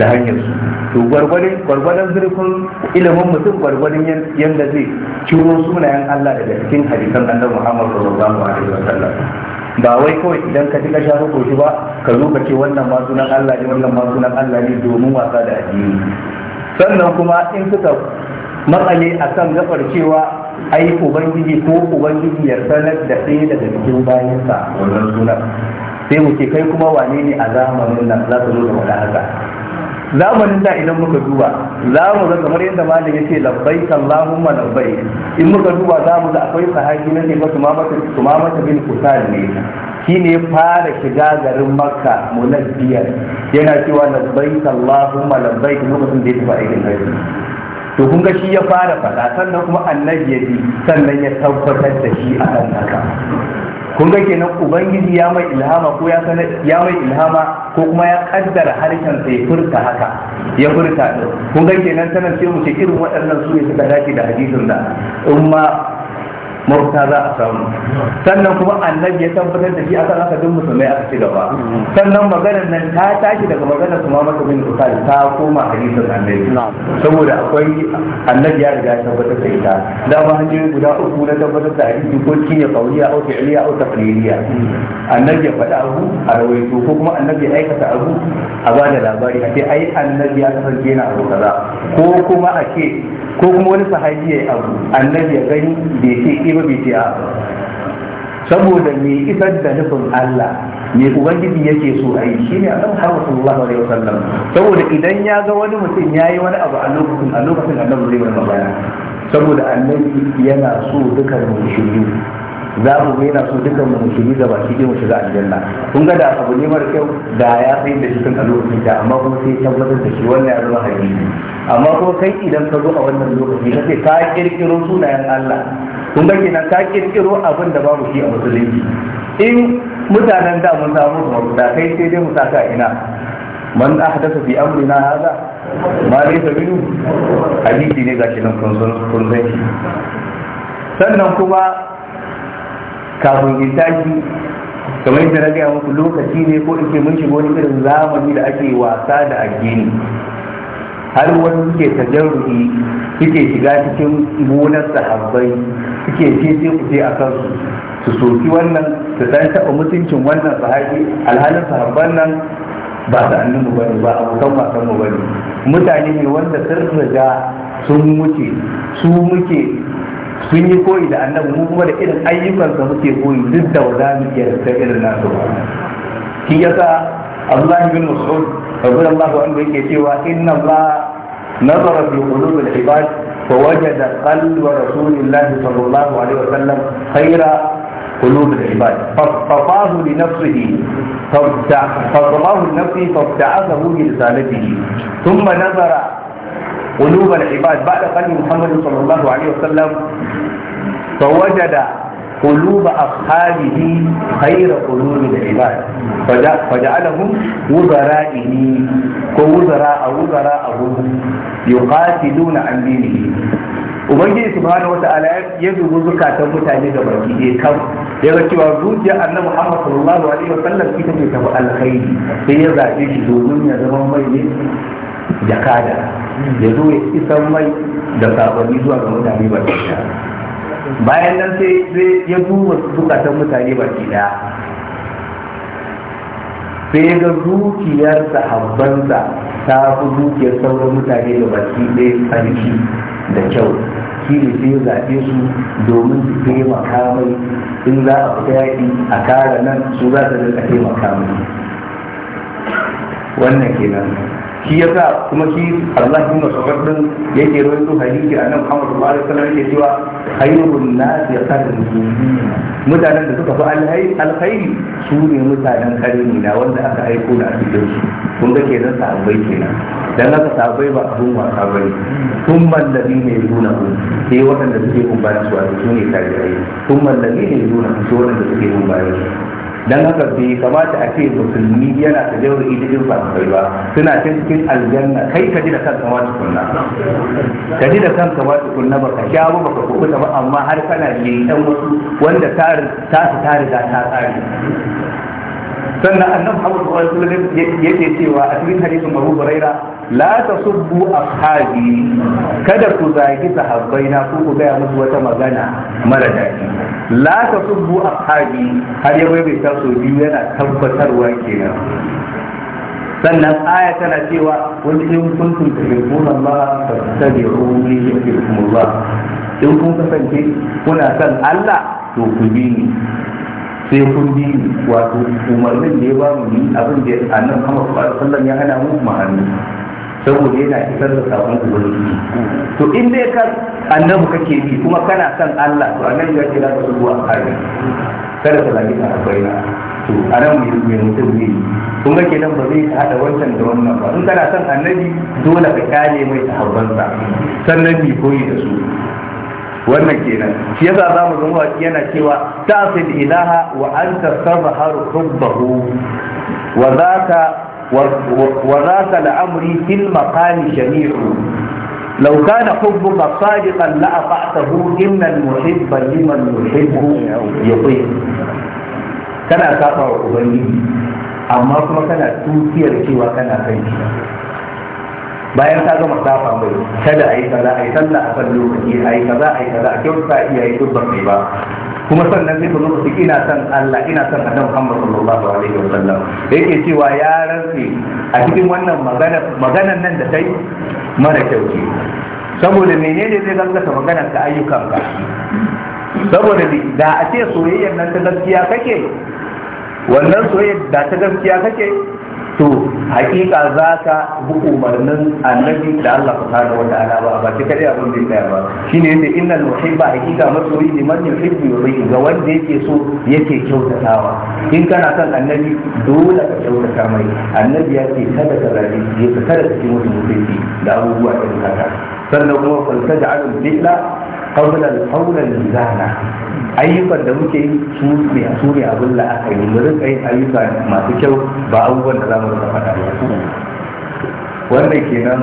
Speaker 1: da hanyar su to gwargwadon gwargwadon zurfin ilimin mutum gwargwadon yadda zai ciro sunayen Allah daga cikin hadisan annabi Muhammad sallallahu alaihi wasallam ba wai kawai idan ka tika shafa ko shi ba ka zo ka ce wannan ma sunan Allah ne wannan ma sunan Allah ne domin wasa da addini sannan kuma in suka matsale a kan gabar cewa ai ubangiji ko ubangiji ya sanar da ɗaya daga cikin bayansa wannan sunan sai mu ce kai kuma wane ne a zamanin nan za su zo da wani haka zamanin da idan muka duba za mu ga kamar yadda malam ya ce labbai allahumma labbai in muka duba za mu ga akwai sahabi na su tumamata bin kusal ne shi ne fara shiga garin makka munabbiyar yana cewa labbai allahumma labbai lokacin da ya tafi aikin hajji to kun ga shi ya fara faɗa sannan kuma annabi ya bi sannan ya tabbatar da shi a kan haka kun ga kenan ubangiji ya mai ilhama ko ya sanar ya mai ilhama ko kuma ya kaddara harshen sai furta haka ya furta kun ga kenan sanar sai mu ce irin waɗannan su ne suka dace da hadisin da umma mafuta za a samu sannan kuma annabi ya tabbatar da shi a kan aka duk musulmai aka ci gaba sannan maganar nan ta tashi daga maganar su mamaka bin ukal ta koma hadisin annabi saboda akwai annabi ya riga ya tabbatar da ita da ba hanyoyi guda uku na tabbatar da hadisi ko shi ne kauliya ko fi'liya ko taqliliya annabi ya faɗa abu a rawaito ko kuma annabi ya aikata abu a ba da labari a ce ai annabi ya kasance yana abu kaza ko kuma a ce ko kuma wani sahabi ya yi abu annabi ya gani bai ce eh, ba bai ce saboda me isar da nufin Allah me ubangiji yake so a yi ne a kan sallallahu alaihi wasallam saboda idan ya ga wani mutum ya yi wani abu a lokacin a lokacin annabi zai mai saboda annabi yana so dukkan mu shiryu za mu bai na sun dukkan mu musulmi da baki ɗaya mu shiga aljanna kun ga da abu ne mara kyau da ya sai da shi kan a da amma kuma sai tabbatar da shi wannan ya zama hadisi amma ko kai idan ka zo a wannan lokaci kace ka kirkiro sunayen Allah kun ga kenan ka kirkiro abin da babu shi a musulunci in mutanen da mun samu su da kai sai dai mu saka ina man ahdatha fi amrina hadha ma laysa minhu hadisi ne gashi nan kun san kun san sannan kuma kafin ya tashi kamar yadda na gaya muku lokaci ne ko in ce mun shiga wani irin zamani da ake wasa da addini har wani suke tajarru'i suke shiga cikin gonar sahabbai suke ce ku ce a kansu su soki wannan su dan taɓa mutuncin wannan sahabi alhalin sahabban nan ba su annin mu bane ba abokan wasan mu bane mutane ne wanda sun riga sun wuce su muke sun yi koyi da annabi mu kuma da irin ayyukansa muke koyi duk da wanda mu iya da irin nasu ba shi yasa Allah bin Mas'ud an anhu yake cewa inna Allah nazara fi qulubi al-ibad fa wajada wa rasulillahi sallallahu alaihi wasallam khayra قلوب العباد فاصطفاه لنفسه فاصطفاه لنفسه فابتعثه برسالته ثم نظر قلوب العباد بعد قلب محمد صلى الله عليه وسلم فوجد قلوب أصحابه خير قلوب العباد فجعلهم وزرائه كوزراء وزراءه يقاتلون عن دينه ubangiji subhanahu wata'ala ya dubi zukatan mutane da baki ɗaya kan ya ga cewa zuciya annabi Muhammad sallallahu alaihi wa sallam ita ce tafi alkhairi sai ya zaɓe shi domin ya zama mai ne jakada ya zo ya isa mai da sabonni zuwa ga mutane ba ta bayan nan sai ya duba bukatan mutane ba da, sai ga a sahabbansa ta fi zuciyar sauran mutane da baki ɗaya tsarki da kyau shi ne sai ya zaɓe su domin su taimaka mai in za a fita yaƙi a kara nan su za su rika taimaka mai wannan kenan shi sa kuma shi Allah ibn Mas'ud din yake rawaito hadisi annabi Muhammad sallallahu alaihi wasallam ke cewa khayrun nas yaqarnu mutanen da suka fi alhairi su ne mutanen karni na wanda aka aiko da cikin su kun ga kenan ke kenan dan haka sahabbai ba abun wasa ne kun mallabi ne nuna ku sai waɗanda suke kun su a su ne kariyayi kun mallabi ne nuna ku sai waɗanda suke kun su dan haka bai kamata a ce musulmi yana ta jawar idin fasikai ba suna ta cikin aljanna kai ka ji da kanka ma tukunna ka ji da kanka ma tukunna ka sha ba baka kubuta ba amma har kana yi dan wasu wanda ta su ta riga ta tsari sannan annabi Muhammad sallallahu alaihi wasallam yake cewa a cikin hadisin Abu Hurairah la a ashabi kada ku zagi sahabbaina na ku gaya musu wata magana mara daɗi la a ashabi har yau bai ta so biyu yana tabbatarwa kenan sannan aya tana cewa wani in kuntum ya ke kuma ba. in kun kasance kuna son Allah to ku bi ni sai kun bi ni. wato umarnin da ya ba mu ni abin da annabi Muhammad sallallahu alaihi wasallam ya hana mu mu saboda yana isar da sabon ubangiji to in dai ka annabi kake bi kuma kana son Allah to annabi ya ce za ka zuwa kare? kada ka zagi ka akwai na to a nan mai mai mutum ne kun ga kenan ba zai hada wancan da wannan ba in kana son annabi dole ka kyale mai sahabbansa sannan bi koyi da su wannan kenan shi yasa za mu ga mawaki yana cewa ta'sil ilaha wa anta sabharu hubbahu wa zaka وذاك الأمر في المقام جميع لو كان حبك صادقا لأطعته إن المحب لمن يحب يطيع كان أتابع أبنيه أما كما كان توتير سوى كان أبنيه bayan ta gama safa mai kada a yi kaza a yi sallah a kan lokaci a yi kaza a yi kaza a kyauta iyaye duk ba ba kuma sannan zai kuma su ina san Allah ina san Annabi Muhammad sallallahu alaihi wasallam yake cewa ya rantsi a cikin wannan magana maganan nan da kai mara kyau ce saboda menene zai gaskata maganar ka ayyukanka saboda da a ce soyayyar nan ta gaskiya kake wannan soyayyar da ta gaskiya kake to hakika za ka bi umarnin annabi da Allah subhanahu wataala ba ba kika dai abin da ya ba shine yace innal muhibba hakika masoyi liman yuhibbu yuhibbu ga wanda yake so yake kyautatawa in kana son annabi dole ka kyautata mai annabi ya ce kada ka rabi ya kada ka ci mutunci da abubuwa irin kaka sannan kuma falsaja alul fi'la haunan haunan zana ayyukan da muke yi su ne su ne abin yi mu rika yin ayyuka masu kyau ba abubuwan da za mu rinka faɗa ba wanda kenan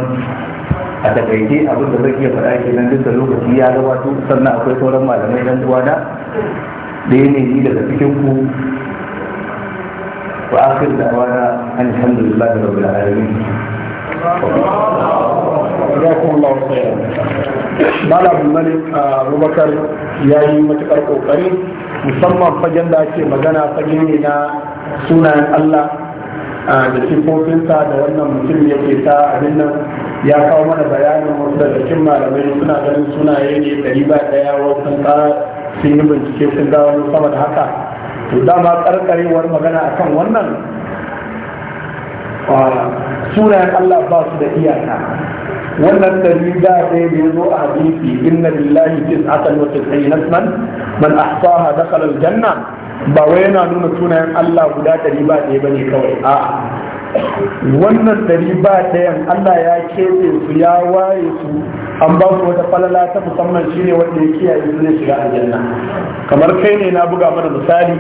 Speaker 1: a takaice abin da zai iya faɗa kenan da lokaci ya gabato sannan akwai sauran malamai uwa uwana ɗaya ne ni daga cikin ku wa akhir da'wana alhamdulillahi rabbil alamin jazakumullahu khairan malam malik uh, abubakar ya yi matukar kokari musamman fagen da ake magana fage ne na sunayen allah uh, da sifofinsa da wannan mutum yake ta abin nan ya kawo mana bayanin wasu daga cikin malamai suna ganin sunaye ne dari ba ɗaya wasu kara sun yi bincike sun dawo sama da haka to dama karkarewar magana akan wannan uh, sunayen allah ba su da iyaka wannan dalila ɗaya da ya zo a hadisi inna lillahi tis'atan wa tis'ina man man ahsaha dakhala aljanna ba wai yana nuna sunayen Allah guda ɗari ba ɗaya bane kawai a'a wannan ɗari ba ɗayan Allah ya keɓe su ya waye su an ba su wata falala ta musamman shi ne wanda ya kiyaye su zai shiga aljanna kamar kai ne na buga mana misali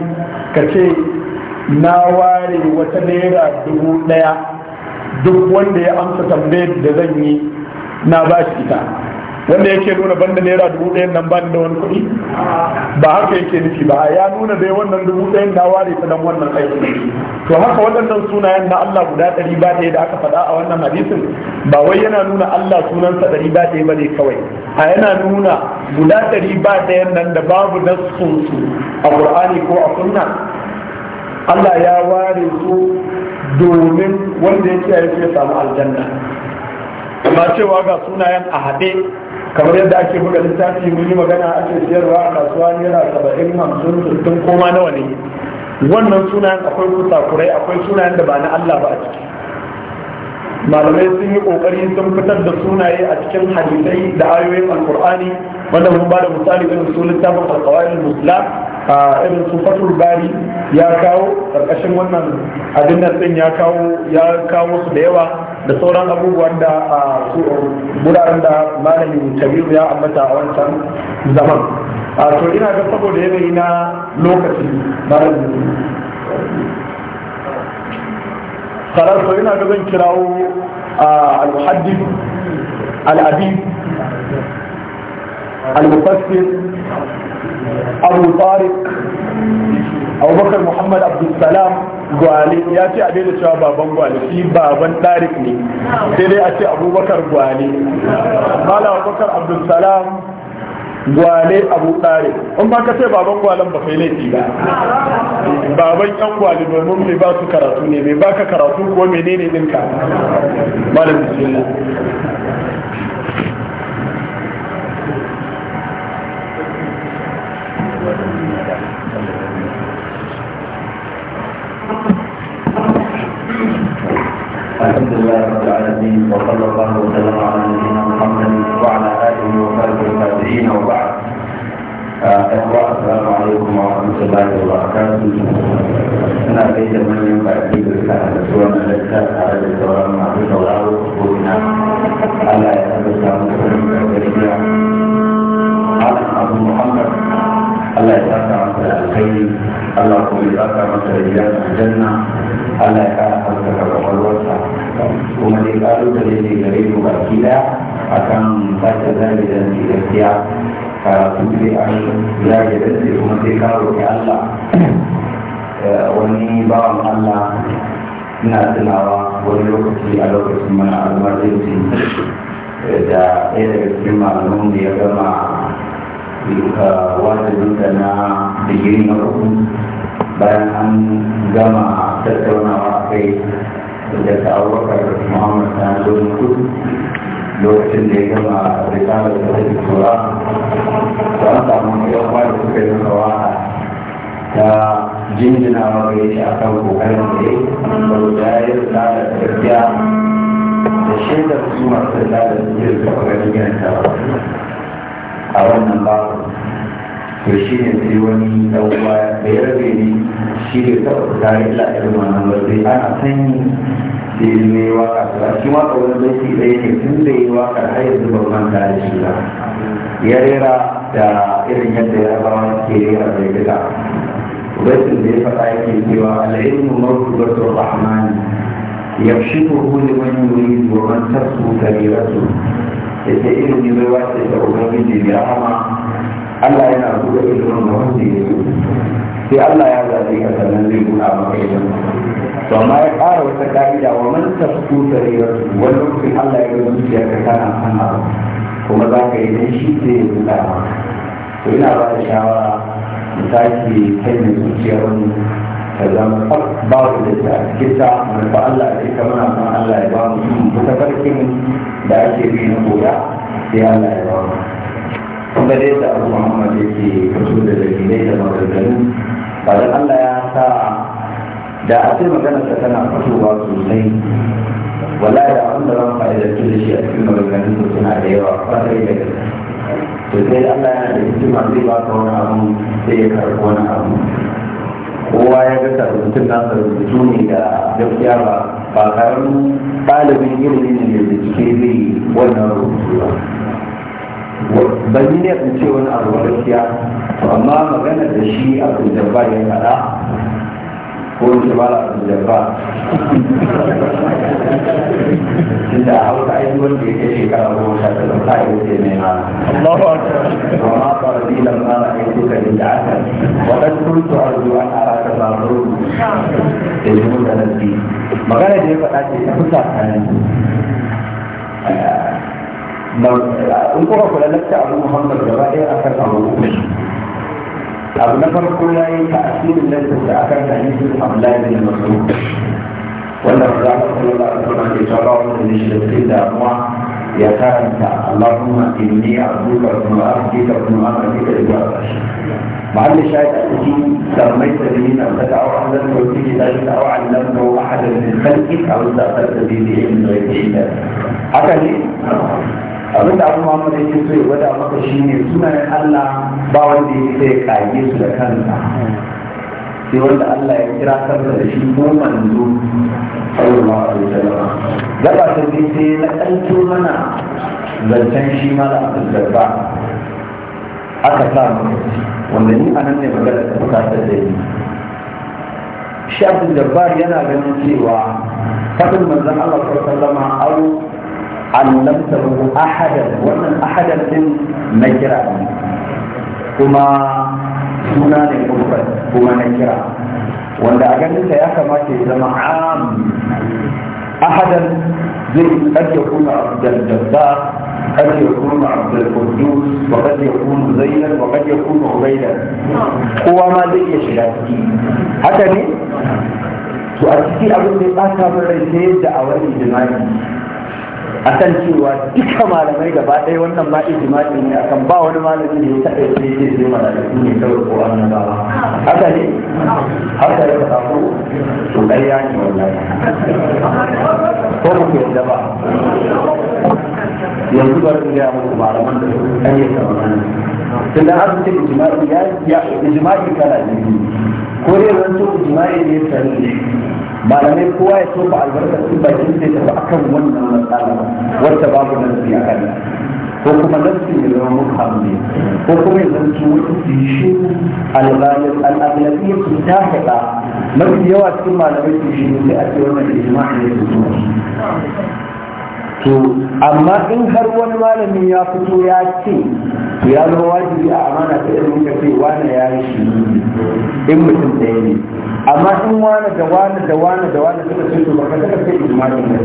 Speaker 1: ka ce na ware wata naira dubu ɗaya duk wanda ya amsa tambayar da zan yi na ba shi ita wanda yake nuna banda naira dubu ɗayan nan ba da wani kuɗi ba haka yake nufi ba ya nuna dai wannan dubu ɗayan na ware ta dan wannan aiki to haka waɗannan sunayen na Allah guda ɗari ba ɗaya da aka faɗa a wannan hadisin ba wai yana nuna Allah sunansa ɗari ba ɗaya ba ne kawai a yana nuna guda ɗari ba ɗayan nan da babu nassun su a Qur'ani ko a sunna Allah ya ware su domin wanda yake ya samu aljanna amma cewa ga sunayen a haɗe kamar yadda ake buga littafi mun yi magana ake siyarwa a kasuwa naira saba'in hamsin sittin koma nawa ne wannan sunayen akwai kurai akwai sunayen da ba na Allah ba a ciki malamai sun yi kokari sun fitar da sunaye a cikin hadisai da ayoyin alkur'ani wanda mun ba da misali irin su littafin alkawarin musla a irin su fatul bari ya kawo karkashin wannan abin nan din ya kawo ya kawo su da yawa da sauran abubuwan da a su da malamin kabiru ya ambata a wancan zaman a to ina ga saboda yanayi na lokaci malamin karar so yana ga zan kirawo al-muhaddis al-adib
Speaker 2: al-mufassir
Speaker 1: abu tariq abubakar muhammad abdulsalam gwale ya ce a da cewa baban gwale shi baban tariq ne sai dai a ce abubakar gwale mala abubakar abdulsalam gwale abu tsare in ba ka ce baban gwalen ba kai laifi ba baban yan gwale domin mai ba su karatu ne mai ka karatu ko menene ɗinka malam bismillah الحمد لله رب العالمين وصلى الله وسلم على نبينا محمد وعلى اله وصحبه التابعين وبعد آه، السلام عليكم ورحمة الله وبركاته. أنا بيت من ينفع في بالكهف سورة
Speaker 2: الأجساد على الدوران مع الله وصحبه على يحب الله على أبو محمد الله يتابع
Speaker 1: مثل الخير الله يتابع مثل الجنة الله يتابع akwai kalubale ne gare mu baki daya akan sake zabi da ni gaskiya karatu sai an zage da sai kuma sai Allah eh, wani bawan Allah na tunawa wani lokaci a lokacin mana almajirci da ɗaya daga cikin malamin da ya gama eh, wajibinta na digiri na uku bayan an gama tattaunawa kai da ta abubakar muhammad na zuwa kudu lokacin da ya gama rikalar da take tura da an samu yan da suka yi masa ta jinjina wa gare shi akan kokarin da ya yi da ya yi da gaskiya da shaidar su masu da da suke da ganin ta a wannan babu to shi ne sai wani ɗauwa da ya rabe ne shi ne taɓa fita illa irin wannan ba sai ana sanyi sai ne ya waka ta shi waka wani lokaci ɗaya ne tun da ya waka har yanzu ban manta da shi ba ya rera da irin yadda ya rabawa ke rera bai gida ubaisin da ya faɗa yake cewa al'ilmu mawdu'atul rahmani Ya لمن irin ومن تسلو كبيرته يتئل بمواجهة أمم الدنيا Allah yana buɗe ilimin da wanda ya so sai Allah ya zaɓe ka sannan zai buɗa maka ilimin to amma ya ƙara wata ƙa'ida wa man tasku sarira wani lokacin Allah ya ga zuciya ka kana kan abu kuma za ka yi dan shi zai ya buɗa maka to ina ba da shawara mu sake kai zuciyar wani ta zama tsar ba da ta kita manufa Allah ya ka mana san Allah ya ba mu ta farkin da ake bi na koya sai Allah ya ba mu kuma dai da abu muhammad yake fito da dalilai da maganganu ba dan allah ya sa da a ce maganar ta tana fitowa sosai wallahi da abin da ban fa'idantu da shi a cikin maganganun su suna da yawa kwarai da gaske to sai allah yana da hikima zai ba ka wani abu sai ya karɓi wani abu kowa ya ga rubutun nasa rubutu ne da gaskiya ba ba karamin ɗalibin ilimi ne da cike zai wannan rubutu ba ban yi ne ce wani abu gaskiya to amma magana da shi abu jabba ya faɗa ko in ba a abu jabba inda a wata aiki wanda ya ce shekara goma sha tara ta ya wuce mai ma Allahu akbar amma farbi lam ana aiki ka din da aka wa kad kuntu arju an araka zamuru da jimu da nabi magana da ya faɗa ce ta fusa kanin in kuka kula lakta abu muhammad gaba ɗaya a kan abu abu na farko ya yi ta'asirin lantarki a kan hadisin abdullahi bin mas'ud wanda ba za ka kula da alƙur'an da ya ba wanda ne shi da cikin damuwa ya karanta allahumma inni abduka kuma abdika kuma abdika da ba shi معنى شاهد أنه سميت به نفسك أو أحدا توفيك ذلك أو علمته أحدا من خلقك أو استقلت به من غير حتى ليه؟ abin da abu muhammad yake so ya gwada maka shi ne sunayen allah ba wanda ya sai kage su da kansa sai wanda allah ya kira kansa da shi ko manzo sallallahu alaihi wasallam gaba ta bi sai na kanto mana zancen shi mala abdul jabba aka sa wanda ni anan ne magana ta ta da ni shi abdul jabbar yana ganin cewa fadin manzon allah sallallahu alaihi wasallam allamtahu ahadan wannan ahadan din na kira kuma suna ne kufar kuma na kira wanda a ganin ya kamata ya zama am ahadan zai ake kuma abdul jabbar قد يكون عبد القدوس وقد يكون kuma وقد kowa ma zai iya shiga ciki. haka ne to a ciki abin da ya ɓata min rai sai da a wani jima'i akan cewa duka malamai gaba ɗaya wannan ma ijma'i ne akan ba wani malami ne ta ɗaya sai ke sai malaiku ne kawai ko ba. haka ne haka ya faɗa ko to ɗaya ne wallahi ko ba ke da ba yanzu bari mu gaya muku malaman da su ɗaya kamar tun da aka ce ijma'i ya ya ijma'i kala biyu ko dai zanto ijma'i ne sanne malamai kowa ya tofa albarkar su bakin sai tafi akan wannan matsala wanda babu nan su akan ko kuma nafsi ya zama muhammad ko kuma ya zanto wata tishi alghalib al-aghlabiyya su ta haɗa mafi yawa cikin malamai su shi sai a ce wannan ijma'i ne
Speaker 2: su to amma
Speaker 1: in har wani malami ya fito ya ce to ya zama wajibi a amana ta irin ka ce wani ya yi shi in mutum ɗaya ne amma in wani da wani da wani da wani suka ce to baka saka sai ijma'i ne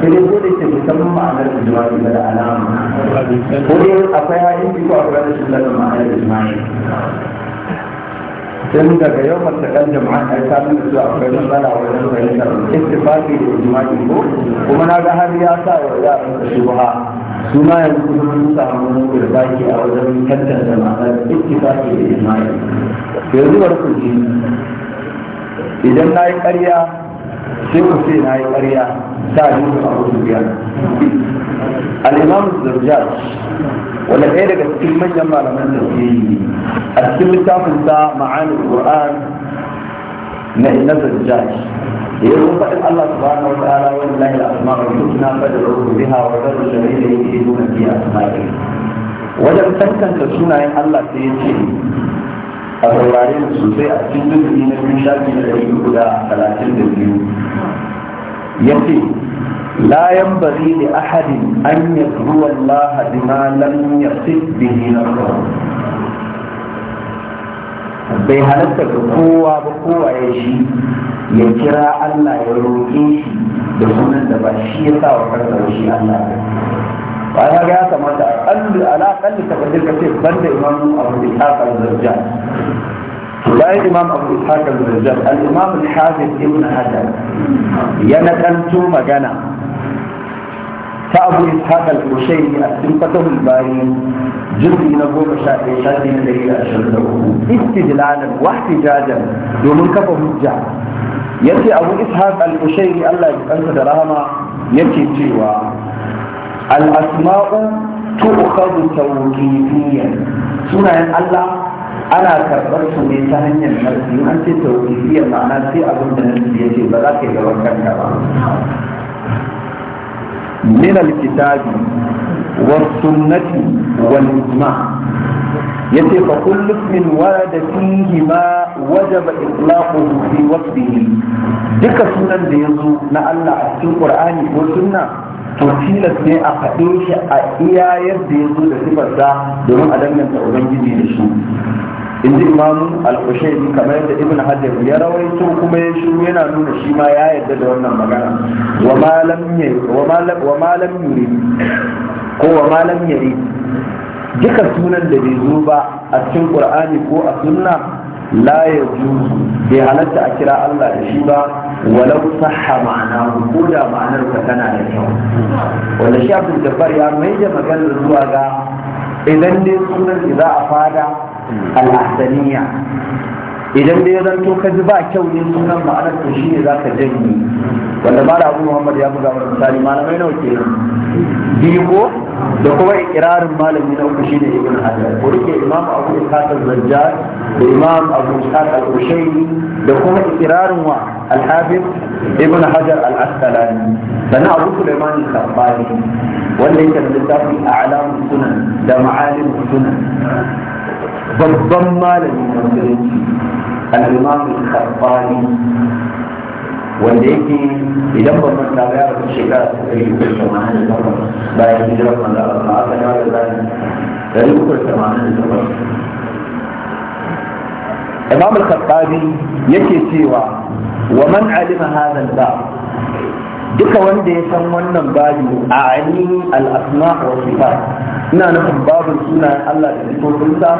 Speaker 1: sai dai ko da ke musamman ma'anar ijma'i da alama ko dai akwai hadisi ko akwai rashin lalata ma'anar
Speaker 2: ijma'i
Speaker 1: sai mun daga yau masu ɗan jama'a ya sami su a akwai matsala wajen fahimtar istifaki da jima'i ko kuma na ga har ya sa wa yaran su shubha su ma yanzu kuma mun samu mun gurbaki a wajen tantance ma'anar istifaki da jima'i yanzu bari ku ji idan na yi ƙarya sai ku ce na yi ƙarya ta yi musu abu su biya al'imamu zarjaj wanda ɗaya daga cikin manyan malaman da ke yi a cikin littafin sa ma'anin qur'an na inna zarjaj ya yi faɗin allah subhanahu wa ta'ala wa lillahi al-asma'ul husna fad'uhu biha wa dharru da yake nuna biya asma'i wajen tantance sunayen allah sai ya ce a saurare mu sosai a cikin jirgi na biyu shafi na ɗari uku da talatin da biyu ya ce لا ينبغي لأحد أن يدعو الله بما لم يصف به نفسه bai halatta ga kowa ba kowa ya shi ya kira Allah ya roƙe shi da sunan da ba shi ya sa wa kansa shi Allah ba ya ga ya kamata alli ala kalli takaddir ka ce banda imam abu ishaq al-zarjani bayan imam abu ishaq al-zarjani al-imam al-hafiz ibn hajar ya nakalto magana ta abu ishaq al-hushaini a cikin fatahul bayan jirgi na goma sha ɗaya shafi na ɗari da ashirin da uku istidlalan wa ihtijajan domin kafa hujja yace abu ishaq al-hushaini Allah ya kansa da rahama yake cewa al'asma'u tu'ukhadu tawqifiyyan sunayen Allah ana karɓar su ne ta hanyar nasi an ce tawqifiyya ma'ana sai abin da nasi yake ba za ka yi gaban kanka ba min alkitabi wa sunnati wal ijma' yace fa kullu min warada fihi ma wajaba itlaquhu fi waqtihi duka sunan da yazo na Allah a cikin Qur'ani ko sunna to tilas ne a faɗe shi a iya yadda ya zo da sifarsa domin a danganta ubangiji da su in ji imamu al kamar yadda ibn hajar ya rawaito kuma ya shiru yana nuna shi ma ya yarda da wannan magana wa ma lam yuri wa sunan da bai zo ba a cikin qur'ani ko a sunna la bai halarta a kira Allah da shi ba walau sahha ma'ana ko da ma'anar ka tana da kyau wanda shi abin ya mai da maganar zuwa ga idan dai sunan za a fada al'ahsaniya idan da ya zanto ka ji ba kyau ne sunan ma'anar to ne za ka janye wanda ba mala abu muhammad ya buga mana misali malamai nawa ke biyu ko da kuma ikirarin malami na uku shi ne ibn hajar ko rike imam abu ishaq al-zajjar da imam abu ishaq al-ushayri da kuma ikirarin wa al-hafiz ibn hajar al-asqalani sannan abu sulaiman al-karbani wanda yake da littafi a'lam sunan da ma'alim sunan babban malami na musulunci الإمام الخطابي
Speaker 2: والذي
Speaker 1: يدبر من لا يعرف الشكاية في كل سماعنا بعد الهجرة من لا يعرف الله تعالى بعد الهجرة كل سماعنا إمام الخطابي يكي سيوا ومن علم هذا الباب دكا وندي يسمون من باب أعني الأصناع والصفات ina nufin babin sunayen Allah da sifofinsa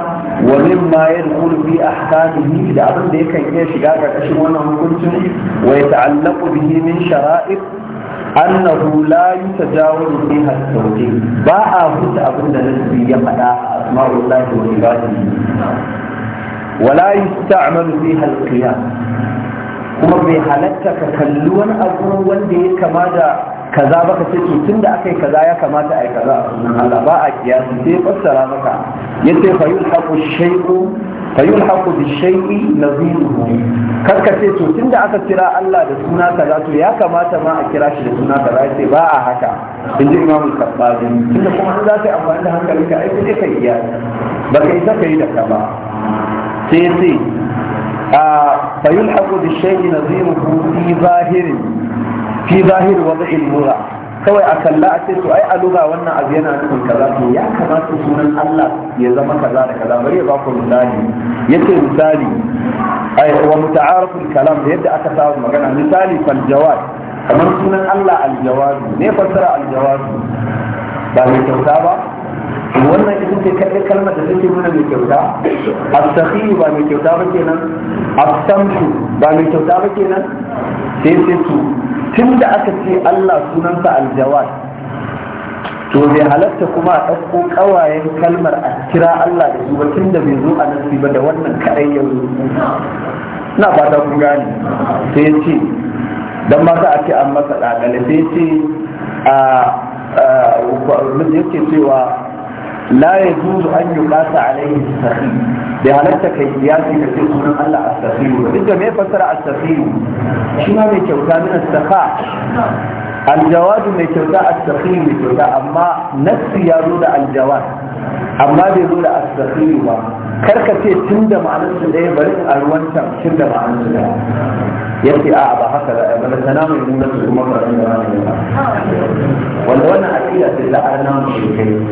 Speaker 1: wa mimma yadkhulu fi ahkamihi da abin da yakan iya shiga karkashin wannan hukuncin wa yata'allaqu bihi min shara'ib annahu la yutajawazu fiha at ba a huta abin da nabi ya faɗa asma'ullahi wa ibadihi ولا يستعمل فيها القيام kuma bai halatta ka kalli wani abu wanda ya kama da kaza ba ka ce to tun da aka yi kaza ya kamata a kaza a sunan Allah ba a kiyasi sai fassara maka ya ce fa yulhaqu shay'u fa yulhaqu bi shay'i nadhiruhu kar ka ce to tun da aka kira Allah da suna kaza to ya kamata ma a kira shi da suna kaza ya ce ba a haka in ji Imam Kabbaji tunda kuma an za ka yi amfani da hankalinka ai sai ka kiyasi ba kai ta ka yi da ka ba sai sai ah, fa yulhaqu bi shay'i nadhiruhu fi zahirin fi zahiri wada'il lura kawai a kalla a ce to ai a lura wannan abu yana nufin kaza to ya kamata sunan Allah ya zama kaza da kaza bari ya ba ku misali yace misali ai wa muta'arifun kalam da yadda aka samu magana misali fal jawad kamar sunan Allah al jawad ne fassara al jawad ba mai kyauta ba wannan ita ce kaɗai kalmar da take nuna mai kyauta astafi ba mai kyauta ba kenan astamtu ba mai kyauta ba kenan sai sai su tun da aka ce Allah sunansa aljawad to bai halatta kuma a ɗauko ƙawayen kalmar a kira Allah da su ba tun da bai zo a nasi ba da wannan kaɗai ya zo na ta kun gane sai ce don ma ta ake an masa ɗaɗale sai ce a yake cewa la ya juzu an yi kasa alaihi sahi da halatta kai kiyasi da cikin sunan Allah astaghfiru duk da me fasara astaghfiru shi ma mai kyauta min astafa aljawadu mai kyauta a astaghfiru mai kyauta amma nassi ya zo da aljawad amma bai zo da asdaqiru ba kar ka ce tun da ma'anar su ɗaya bari a ruwan tun da ma'anar su ɗaya yace a ba haka da ai bala sana mai nuna su kuma ba
Speaker 2: da wani wanda wannan
Speaker 1: aqida ce da arna mu
Speaker 2: kai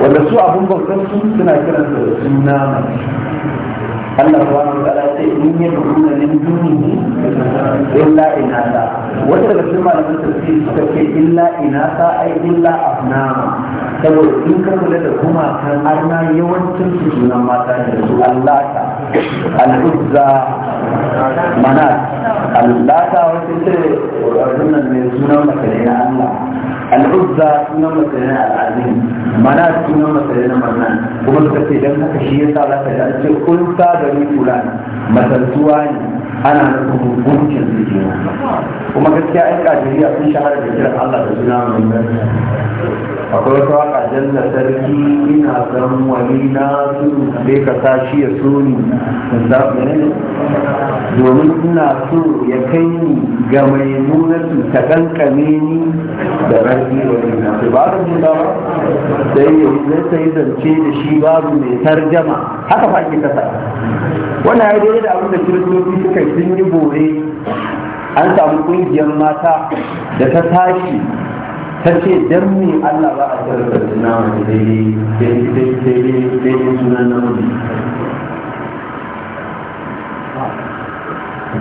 Speaker 2: wanda
Speaker 1: su abun bautar su suna kiransa da sunna Allah ba wa ta'ala sai in yi rukuna min dunihi illa ta wanda daga cikin malaman tafsiri suka ce illa ina ta ai illa afna saboda in ka kula da kuma kan arna yawancin su sunan mata ne su Allah ta al-uzza manat Allah ta wata ce wannan ne sunan mace ne Allah al'uzza sunan masarina al'azim mana sunan masarina marnan kuma suka ce don haka shi ya sa zaka da ce kun sa da ni fulan masantuwa ne ana nufin hukuncin su kenan kuma gaskiya ai kajiriya sun shahara da kiran Allah da suna mai akwai wata waka jalla sarki ina san wani na su sai ka sa shi ya so ni domin ina so ya kai ni ga mai su ta kankame ni da ƙarfi wani na su ba da ba sai ya yi sai zance da shi babu mai tarjama haka fa ake sa wannan ya daidai da abin da kiristoci suka sun yi bore an samu kungiyar mata da ta tashi ta ce dan me Allah ba a tsarka da nama daidai na namiji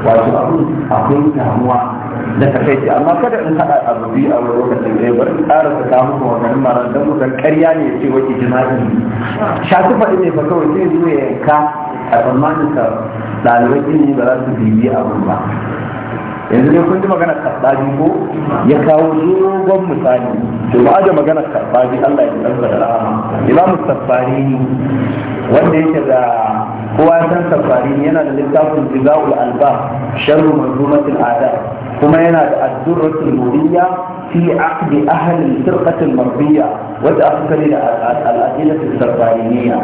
Speaker 1: wato abin akwai damuwa da takaici amma kada in haɗa a rubi a wani lokacin da ya bari tsara ta samu kuma wani mara don mu san ƙarya ne ya ce wace jima'i shafi faɗi ne fa kawai zai zo ya yanka a tsammanin ka ɗalibai ne ba za su bibiyi abu ba yanzu ne kun ji maganar karɓaji ko ya kawo dogon misali to ba da maganar karɓaji Allah ya tsarka da rahama imamu sabbari wanda yake da kowa san sabbari yana da littafin jizaul alba sharru manzumatul adab kuma yana da addurratul muriyya في عقد أهل الفرقة المرضية وتأخذ إلى الأدلة السرطانية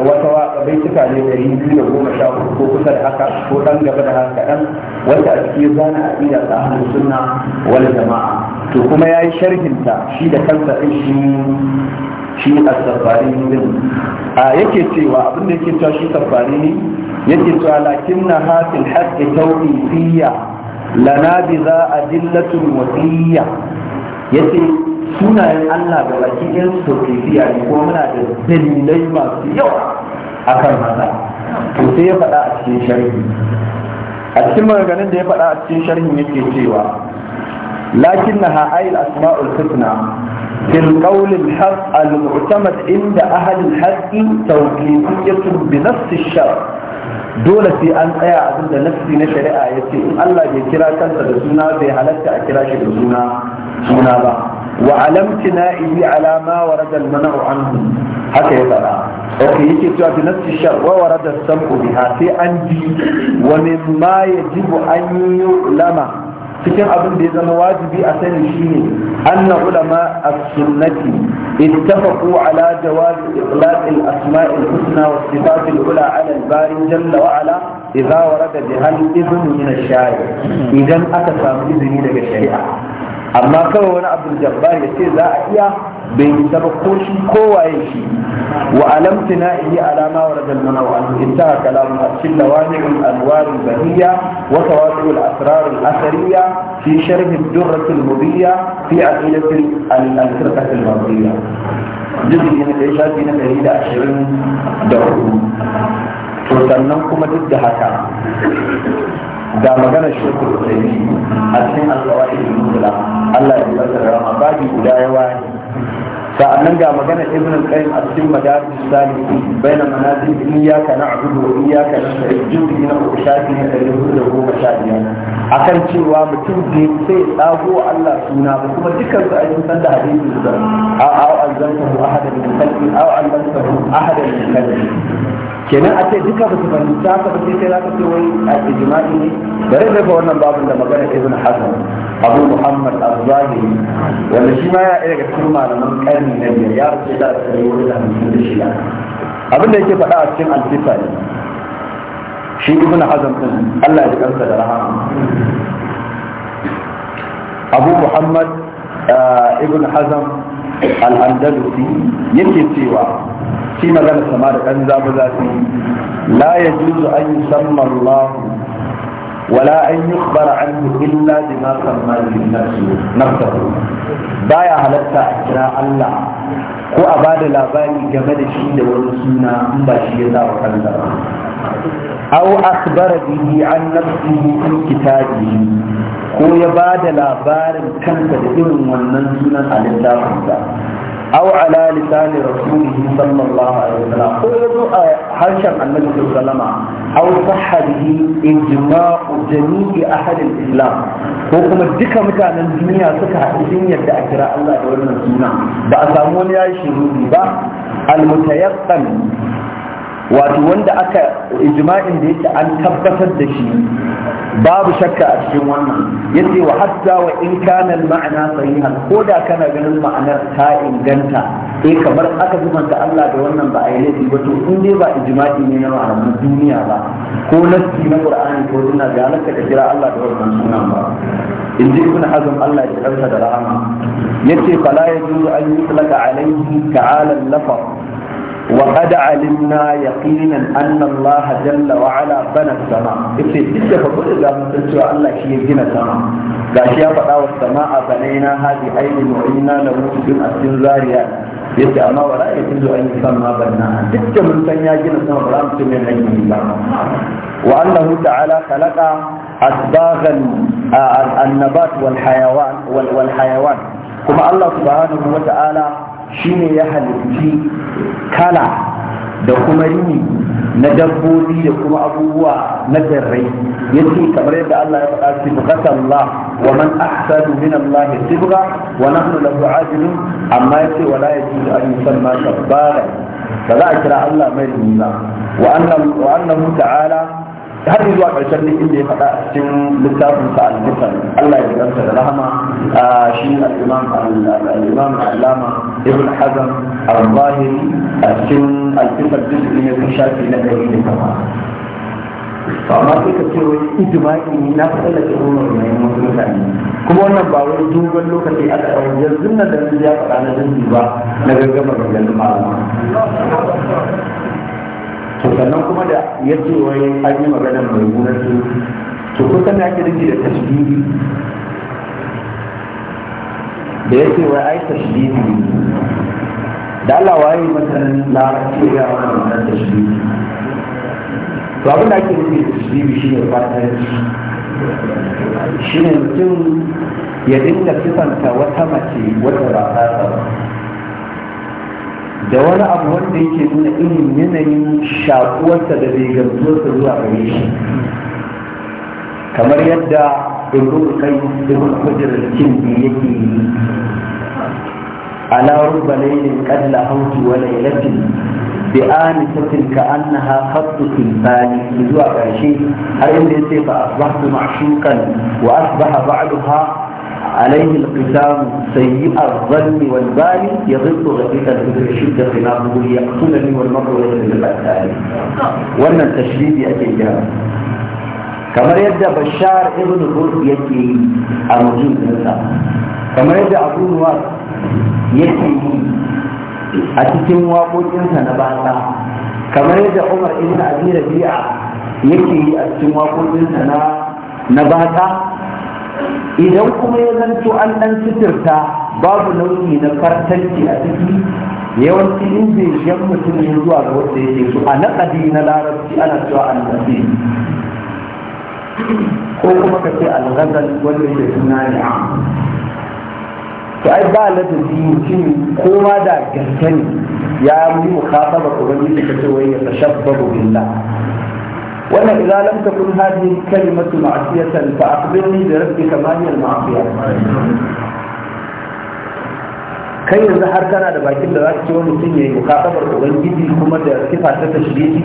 Speaker 1: وتواقع بيتك على الريبي وهو مشاور وكسر حقا وطن قبل هكذا وتأكيدنا إلى أهل السنة والجماعة تقوم يا شرح انت شيء دخلت شيء shi a safari din a yake cewa abin da yake cewa shi safari ne yake cewa lakin na hafin haƙƙi tauhidiyya lana bi za a dillatun wasiyya ya ce sunayen allah da baki ɗin sotisiya ne kuma muna da dalilai masu yawa a kan haka to sai ya faɗa a cikin sharhi a cikin maganin da ya faɗa a cikin sharhin yake cewa lakin na ha'ayil asma'ul fitna في القول الحق المعتمد عند أهل الحق توقيفية بنفس الشرع dole sai an tsaya abin da nafsi na shari'a ya ce in Allah bai kira kansa da suna bai halatta a kira shi da suna suna ba wa na ibi alama wa radal mana'u anhu haka ya fara okay yake cewa bi nafsi shar wa warada sam'u biha sai an ji wa mimma yajibu an yulama cikin abin da ya zama wajibi a sani shine anna ulama as-sunnati ittafaqu ala jawaz itlaq al-asma' al-husna wa sifat al-ula ala al-bari jalla wa ala idza warada biha idhn min ash-shari' idan aka samu izini daga shari'a amma kawai wani abdul jabbar ya ce za a iya bai isa ba ko shi kowaye shi wa na iya alama wa rajal mana wa an inta kalamu cikin lawami'ul anwarul bahiyya wa tawadu'ul asrarul asariya fi sharhi durratul mubiyya fi aqidatil al-firqatil mardiyya jizgi na da ashirin da hudu. to sannan kuma duk da haka da magana shirku da a cikin alƙawari da Allah ya yi masa rama babi guda yawa ne sa'annan ga magana ibn al-qayyim a cikin madaris sali bayna manazil iyyaka na'budu wa iyyaka nasta'in juzu na uku shafi na ɗari hudu da goma sha biyar akan cewa mutum bai sai tsago Allah suna ba kuma dukkan su ayyukan san da hadisi a a'a an zanta mu ahadan min kalbi a'a an zanta mu ahadan min kalbi kenan a ce duka ba su fahimta ka ba sai za ka ce wai a ijma'i ne bari da ga wannan babun da magana ke zuna hasan abu muhammad az-zahiri wanda shi ma ya ɗaya ga cikin malaman ƙarni na biyar ya rasu da asali wani da hamsin da shi abin da yake faɗa a cikin alfifa ne shi ibn hasan din Allah ya kansa da rahama abu muhammad eh, ibn hasan al yake cewa shi magana sama da kan zamu zafi la yajuzu an yusamma Allah ولا أن يخبر illa إلا بما سمى نفسه نفسه بايا هلتا أجرى الله ko a bada labari game da shi da wani suna in ba shi ya zaɓa kansa ba aw akhbara bihi an nafsihi fi kitabihi ko ya bada labarin kansa da irin wannan sunan a littafinsa aw ala lisani rasulihi sallallahu alaihi a harshen annabi sallallahu alaihi wasallam aw sahha bihi ijma'u jami'i ahli al-islam ko kuma duka mutanen duniya suka haɗu sun yadda a kira Allah da wannan suna ba a samu wani yayi shiru ba al-mutayaqqan wato wanda aka ijma'in da yake an tabbatar da shi babu shakka a cikin wannan yace wa hatta wa in kana ma'ana sahihan ko da kana ganin ma'anar ta inganta eh kamar aka manta Allah da wannan ba a yi laifi ba to in dai ba ijma'i ne na malaman duniya ba ko nasi na Qur'ani ko sunna ga da kira Allah da wannan sunan ba in ji ibn Hazm Allah ya karanta da rahama yace fala yajuzu an yutlaka alayhi ta'ala al-lafaz وقد علمنا يقينا أن الله جل وعلا بنى السماء إذا فقل إذا مسلسوا الله شيء جنى السماء قاشي فقا والسماء بنيناها بعين وإنا له من أسن زاريا yace amma wala ya kullu an yusamma banna dukkan mun san gina sama ba mu tume nan wa annahu ta'ala khalaqa asbaghan an-nabat wal wal kuma Allah subhanahu wa ta'ala shine ya halitti kala da kuma yini na dabbobi da kuma abubuwa na tsirrai yace kamar yadda Allah ya faɗa sifqat Allah wa man ahsanu min Allah sifqa wa nahnu lahu ajilun amma yace wala yajuzu an yusamma sabbara ba za a kira Allah mai ba wa annahu ta'ala har zuwa ƙarshen ne inda ya faɗa cikin littafin sa al-musan Allah ya karanta da rahama shi al-imam al-imam al-allama ibn hazm al-zahiri a cikin al-kitab juz'i na shafi na ɗari da kama to amma sai ka ce wai ijma'i ne na tsallake umar mai mutane kuma wannan ba wani dogon lokaci aka ɗau yanzu nan da ya faɗa na dangi ba na gaggamar da yanzu malama to sannan kuma da ya ce wani an yi magana mai su to kusan na ake nufi da tashbihi da ya ce wai ai tashbihi da Allah waye masanin larabci ya wani wannan tashbihi to abin da ake nufi da tashbihi shine fatanci shine mutum ya dinga kisanta wata mace wata ba da wani abu wanda yake nuna irin yanayin shakuwarsa da bai gamsuwarsa zuwa gare shi kamar yadda ibn kai ibn kujirar kindi yake yi ala rubba laylin qad lahawtu wa laylatin bi anisatin ka annaha khattu tilbani zuwa karshe har inda yace fa asbahtu ma'shuqan wa asbaha ba'daha عليه القسام سيء الظن والبال يغض غضيك الفكر شدة خلافه يقتلني والمرء يتبع الثاني وانا التشديد يأتي جهاز kamar yadda bashar ibn hud yake yi a mutuntunsa kamar yadda abu nuwar yake yi a cikin waƙoƙinsa na basa kamar yadda umar ibn abi rabi'a yake yi a cikin waƙoƙinsa na na idan kuma ya zanto an dan sitirta babu nauyi na fartanci a ciki yawanci in bai shan mutum ya zuwa ga wanda yake so a naƙadi na larabci ana cewa an nasi ko kuma ka ce al-ghazal wanda yake suna ne to ai ba ladabi mutum kowa da gaske ya yi mukataba ko wani da kace wai ya tashabbabu billah وانا اذا لم تكن هذه الكلمه معصيه فاخبرني بربك ما هي المعصيه kai yanzu har kana da bakin da za ka ci wani mutum ya yi mukasabar ubangiji kuma da sifa ta tashbihi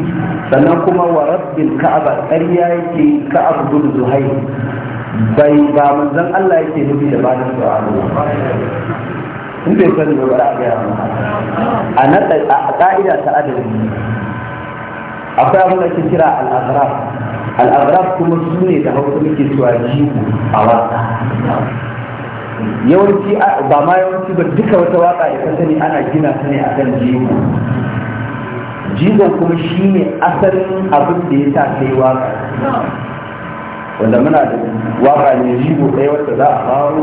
Speaker 1: sannan kuma wa rabbil ka'aba ƙarya yake ka'ab bin zuhai bai ba manzon Allah yake nufi da ba da su'alu in bai sani ba ba a ga a ka'ida ta adabi akwai abin da ke kira al'azraf al'azraf kuma su ne da hausa muke cewa jihu a wasa yawanci ba ma yawanci ba duka wata waka da ka sani ana gina ta ne akan jihu jigon kuma shine asalin abin da ya sa kai waka wanda muna da waka ne jigo ɗaya wacce za a faru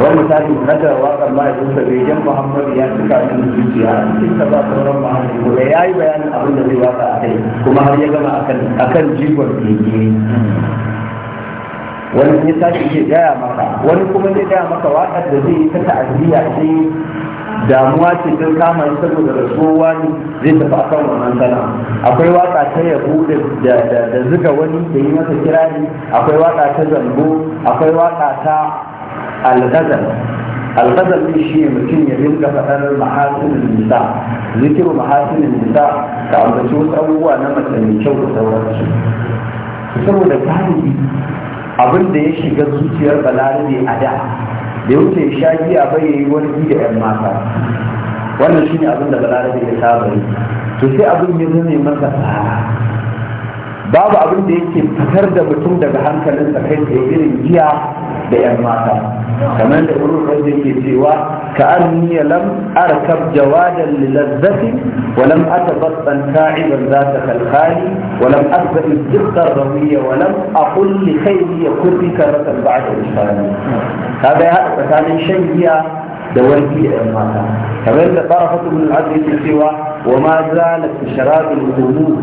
Speaker 1: wani misali na da wakar mahaifinsa begen muhammadu ya cika min zuciya cikin ta ba sauran muhammadu kuma ya yi bayanin abin da zai waka a kai kuma har ya gama a kan jigon keke wani ya tashi ke gaya maka wani kuma zai gaya maka wakar da zai yi ta ta'aziyya sai damuwa ce ta kama shi saboda rasuwa ne zai tafi akan wannan sana akwai waka ta yabo da da zuga wani da yi masa kirari akwai waka ta zambo akwai waka ta alghazal alghazal ne shi ne mutum ya dinga faɗar mahasinin nisa zikiru mahasinin nisa ka ambaci wasu abubuwa na mace mai kyau da sauransu saboda galibi abin da ya shiga zuciyar balarabe a da da ya sha giya bai yi wani bi da 'yan mata wannan shi ne abin da balarabe ya saba yi to sai abin ya zame masa tsara babu abin da yake fitar da mutum daga hankalinsa kai tsaye irin giya da 'yan mata kamar da wurin rajin yake cewa ka an niya lam arkab jawadan lilazzati wa lam atabattan ka'iban za ta kalkani wa lam asbabi dukkan rawiya wa lam aqul li khayri yakuti karatan ba'da insani kaga ya hada tsakanin shan giya da warki da 'yan mata kamar da tsara fatu min al'adu yake cewa وما زالت شراب القلوب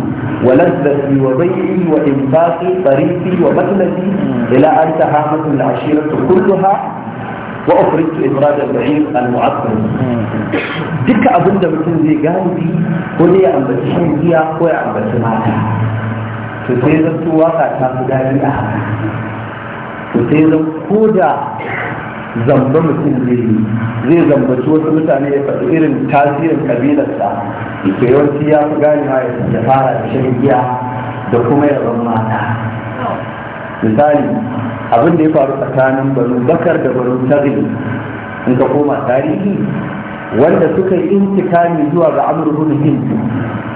Speaker 1: ولذتي وبيعي وإنفاقي طريقي ومكنتي إلى أن تهامت العشيرة كلها وأفردت إفراد البعير المعطل دك أبن دمتن زي قالبي ولي أنبتشن هي أقوى أنبتشن هذا فسيزمت واقع تاخدها لأها تتيزم كودا zamba mutum zai yi zai zambaci wasu mutane ya faɗi irin tasirin kabilarsa to yawanci ya fi gani ma ya fara da shan giya da kuma yaban mata misali abin da ya faru tsakanin banu bakar da banu tagli in ka koma tarihi wanda suka yi intikami zuwa ga amur bin hindu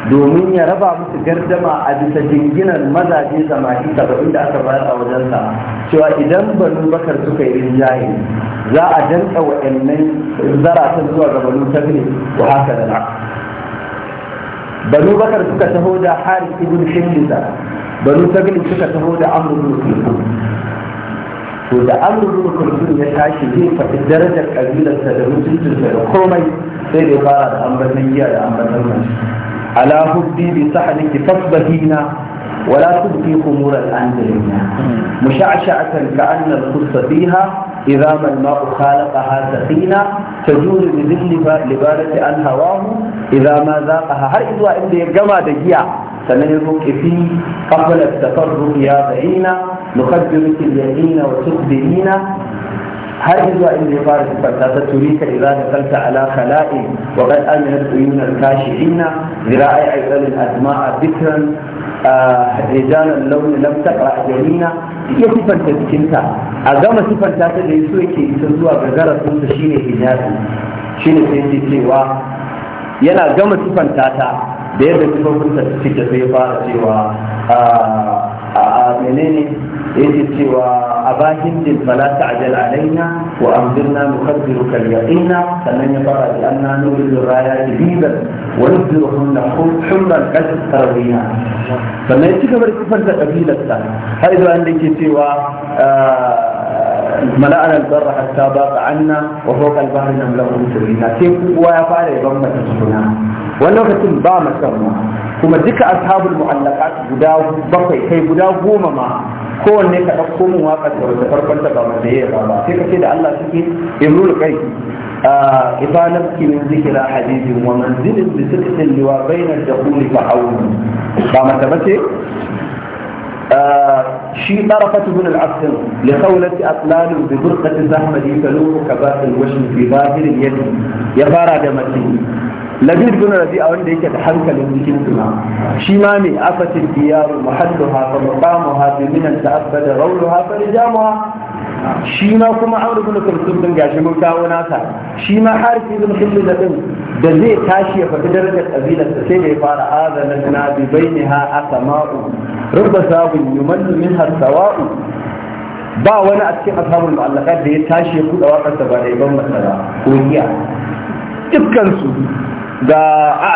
Speaker 1: domin ya raba musu gardama a bisa jinginan mazaje zamani saba'in da aka bayar a wajensa cewa idan banu bakar suka yi rinjaye za a danta wa'annan zaratan zuwa ga banu tabri wa haka da na banu bakar suka taho da hari ibn shindisa banu tabri suka taho da amurin ibn kulkul to da amurin ibn kulkul ya tashi zai faɗi darajar kabilarsa da mutuncinsa da komai sai da fara da ambatan giya da ambatan على حبي بسحرك فاصبهينا ولا تبقي خمور الأنزلين مشعشعة كأن الخص فيها إذا ما الماء خالقها سقينا تجول بذل لبالة عن هواه إذا ما ذاقها هل إذا إذا يجمع دجيا سننبك في قبل التفرق يا بعينا نخبرك اليمين وتخبرينا har zuwa inda ya fara sifarta ta turi ka idza nakalta ala khala'i wa qad aminat uyun al-kashifina zira'i aydal al-asma'a dhikran rijalan lawn lam taqra jamina ya sifanta jikinta a gama sifanta ta da yaso yake isa zuwa ga garasun sa shine hijabi shine sai ce cewa yana gama sifanta ta da yadda sifofin sa suke sai fara cewa منيني يجي واباهم فلا تعجل علينا وانذرنا نخبرك اليقين فمن يرى لأننا نريد الرايه جديدا ونبذلهن حمى الكسب ترضينا فما يجي كبر كفر تقبيل الثاني هذا ان يجي سوى آه، ملأنا البر حتى باق عنا وفوق البحر نملأه سرينا كيف ويا ما بمة تسكنا ولو كتب بامة kuma duka ashabul mu'allaqat guda bakwai kai guda goma ma kowanne ka ɗauko mun waƙar da wata farkon ta ba wanda ya ba sai ka ce da Allah suke imrul kai ifanar kimin zikira hadisi wa manzilin bi sikin liwa bainar da kuli fa auni ba mata bace shi طرفة بن العسل لخولة أطلال ببرقة زحمة يتلوه كباس الوشم في ظاهر اليد يفارى دمتي labir bin rabi'a wanda yake da hankalin cikin tuna shi ma ne afatin diyaru muhalluha fa maqamuha bi minan ta'abbada rawluha fa rijamuha shi ma kuma amr bin kulsum din gashi mun kawo nasa shi ma harfi bin kulsum din da zai tashi ya fadi darajar kabilar sa sai da ya fara azana na bi bainaha asama'u rubba sabun yumallu minha sawa'u ba wani a cikin ashabul mu'allaqat da ya tashi ya buɗe waƙar sa ba da ibn masala ko iya dukkan su ga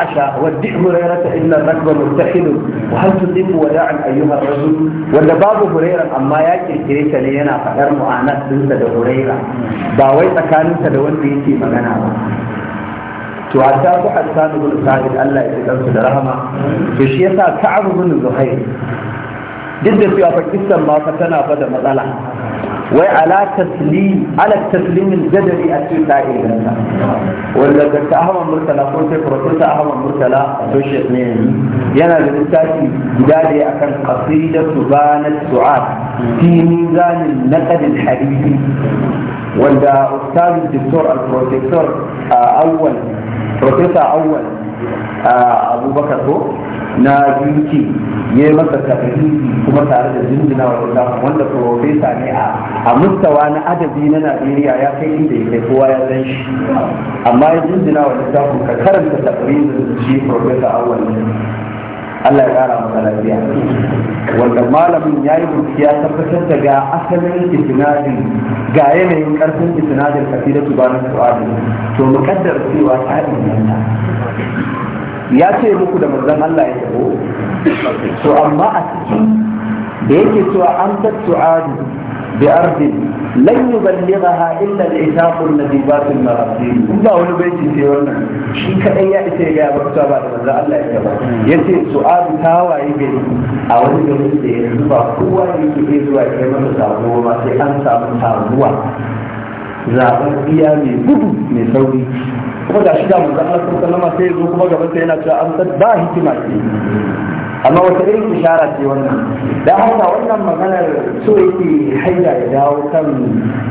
Speaker 1: aisha wa duk hurairata inna rakba mustahil wa hal tudibu wada'an ayyuha rasul wanda babu hurairar amma ya kirkire ta ne yana fadar mu'anas dinsa da huraira ba wai tsakaninsa da wanda yake magana ba to hatta ku hatta ibn sa'id Allah ya tsare da rahama to shi yasa ka'ab ibn zuhair duk da cewa ma fa tana fa da matsala wai ala taslim ala taslimin jadari a cikin ta wanda dr ahmad murtala ko sai professor ahmad murtala associate ne yana da littafi guda da ya akan qasida subanat su'ad fi mizanin naqd al-hadisi wanda ustaz dr al-professor ah, awwal professor awwal ah, abubakar ko na duki ya yi masa tafiye kuma tare da jinjina wa Allah wanda profesa ne a a mustawa na adabi na Najeriya ya kai inda ya kai kowa ya san shi amma ya jinjina wa Allah ka karanta tafiye da shi profesa awwal Allah ya kara masa lafiya wanda malamin ya yi bukiya ya tabbatar da ga asalin itinadin ga yanayin karfin itinadin kafidatu ba na su'adin to kaddar cewa ta inganta ya ce muku da manzon Allah ya tabo
Speaker 2: to amma a cikin
Speaker 1: da yake cewa an tattu'adu bi ardi lan yuballighaha illa al-itaqu alladhi batil marasil in ba wani ce sai wannan shi kadai ya isa ya ga ta ba da manzon Allah ya tabo yace su'adu tawaye gari a wani gari da ya zuba kowa yake ke zuwa kai masa sabo ba sai an samu tabuwa zaɓar iya mai gudu mai sauri kuma ga shi da manzo Allah sallallahu alaihi wasallam sai zo kuma gaban sa yana cewa amsar ba hikima ce amma wata irin ishara ce wannan da haka wannan maganar so yake hanya ya dawo kan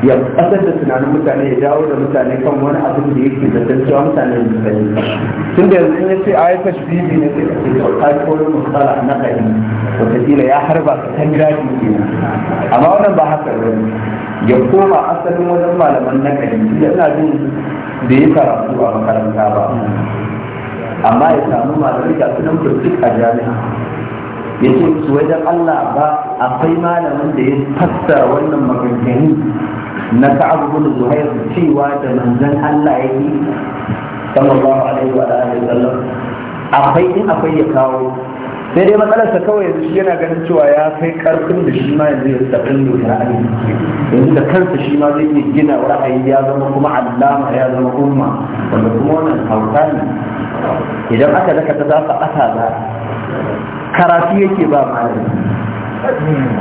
Speaker 1: ya kasar da tunanin mutane ya dawo da mutane kan wani abin da yake zaton cewa mutane da sani tun da yanzu ya ce a shi ne sai ka ce kawai ko musala na kai wataƙila ya harba ka kan daji ke amma wannan ba haka ba ya koma asalin wajen malaman na kai yana jin da ya karatu a makaranta ba amma ya samu malamai ga sunan duk a jami'a ya ce su wajen Allah ba akwai malamin da ya fassara wannan maganganu na ka'ab ibn zuhair cewa da manzan Allah yake sallallahu alaihi wa alihi wasallam akwai in akwai ya kawo sai dai matsalarsa kawai yanzu shi yana ganin cewa ya kai karfin da shi ma yanzu ya tsafin da ra'ayi yanzu da kansa shi ma zai iya gina ra'ayi ya zama kuma allama ya zama umma wanda kuma wannan hauta ne idan aka daka ta zafa asa za karatu yake ba malami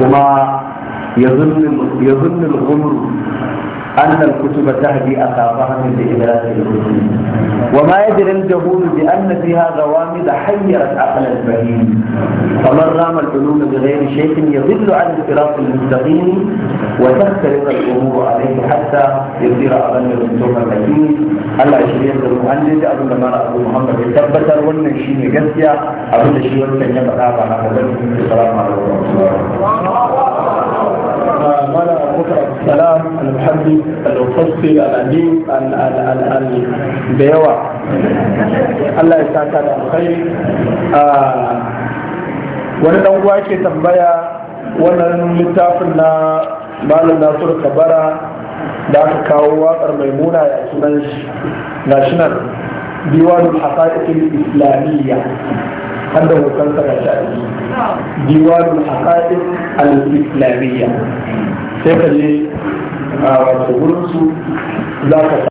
Speaker 1: kuma ya zunnin umru أن الكتب تهدي أخافها من لإدراك الكتب وما يدري الجهول بأن فيها غوامض حيرت عقل البهيم فمن رام العلوم بغير شيء يضل عن الصراط المستقيم وتختلف الأمور عليه حتى يصير أغنى من ثم المتين ألا يشير المهندس أبو لما رأى محمد يثبت وأن شيء جسيا أبو الشيء وأن يبقى على هذا السلام عليكم السلام المحدث المفصل الأديب البيوة الله يساك على الخير wani ɗan uwa ke tambaya wannan littafin na malam nasiru kabara da aka kawo wakar maimuna ya sunan shi national diwanul haqa'iqil islamiyya
Speaker 2: al islamiyya sai ka a wato wurinsu za ka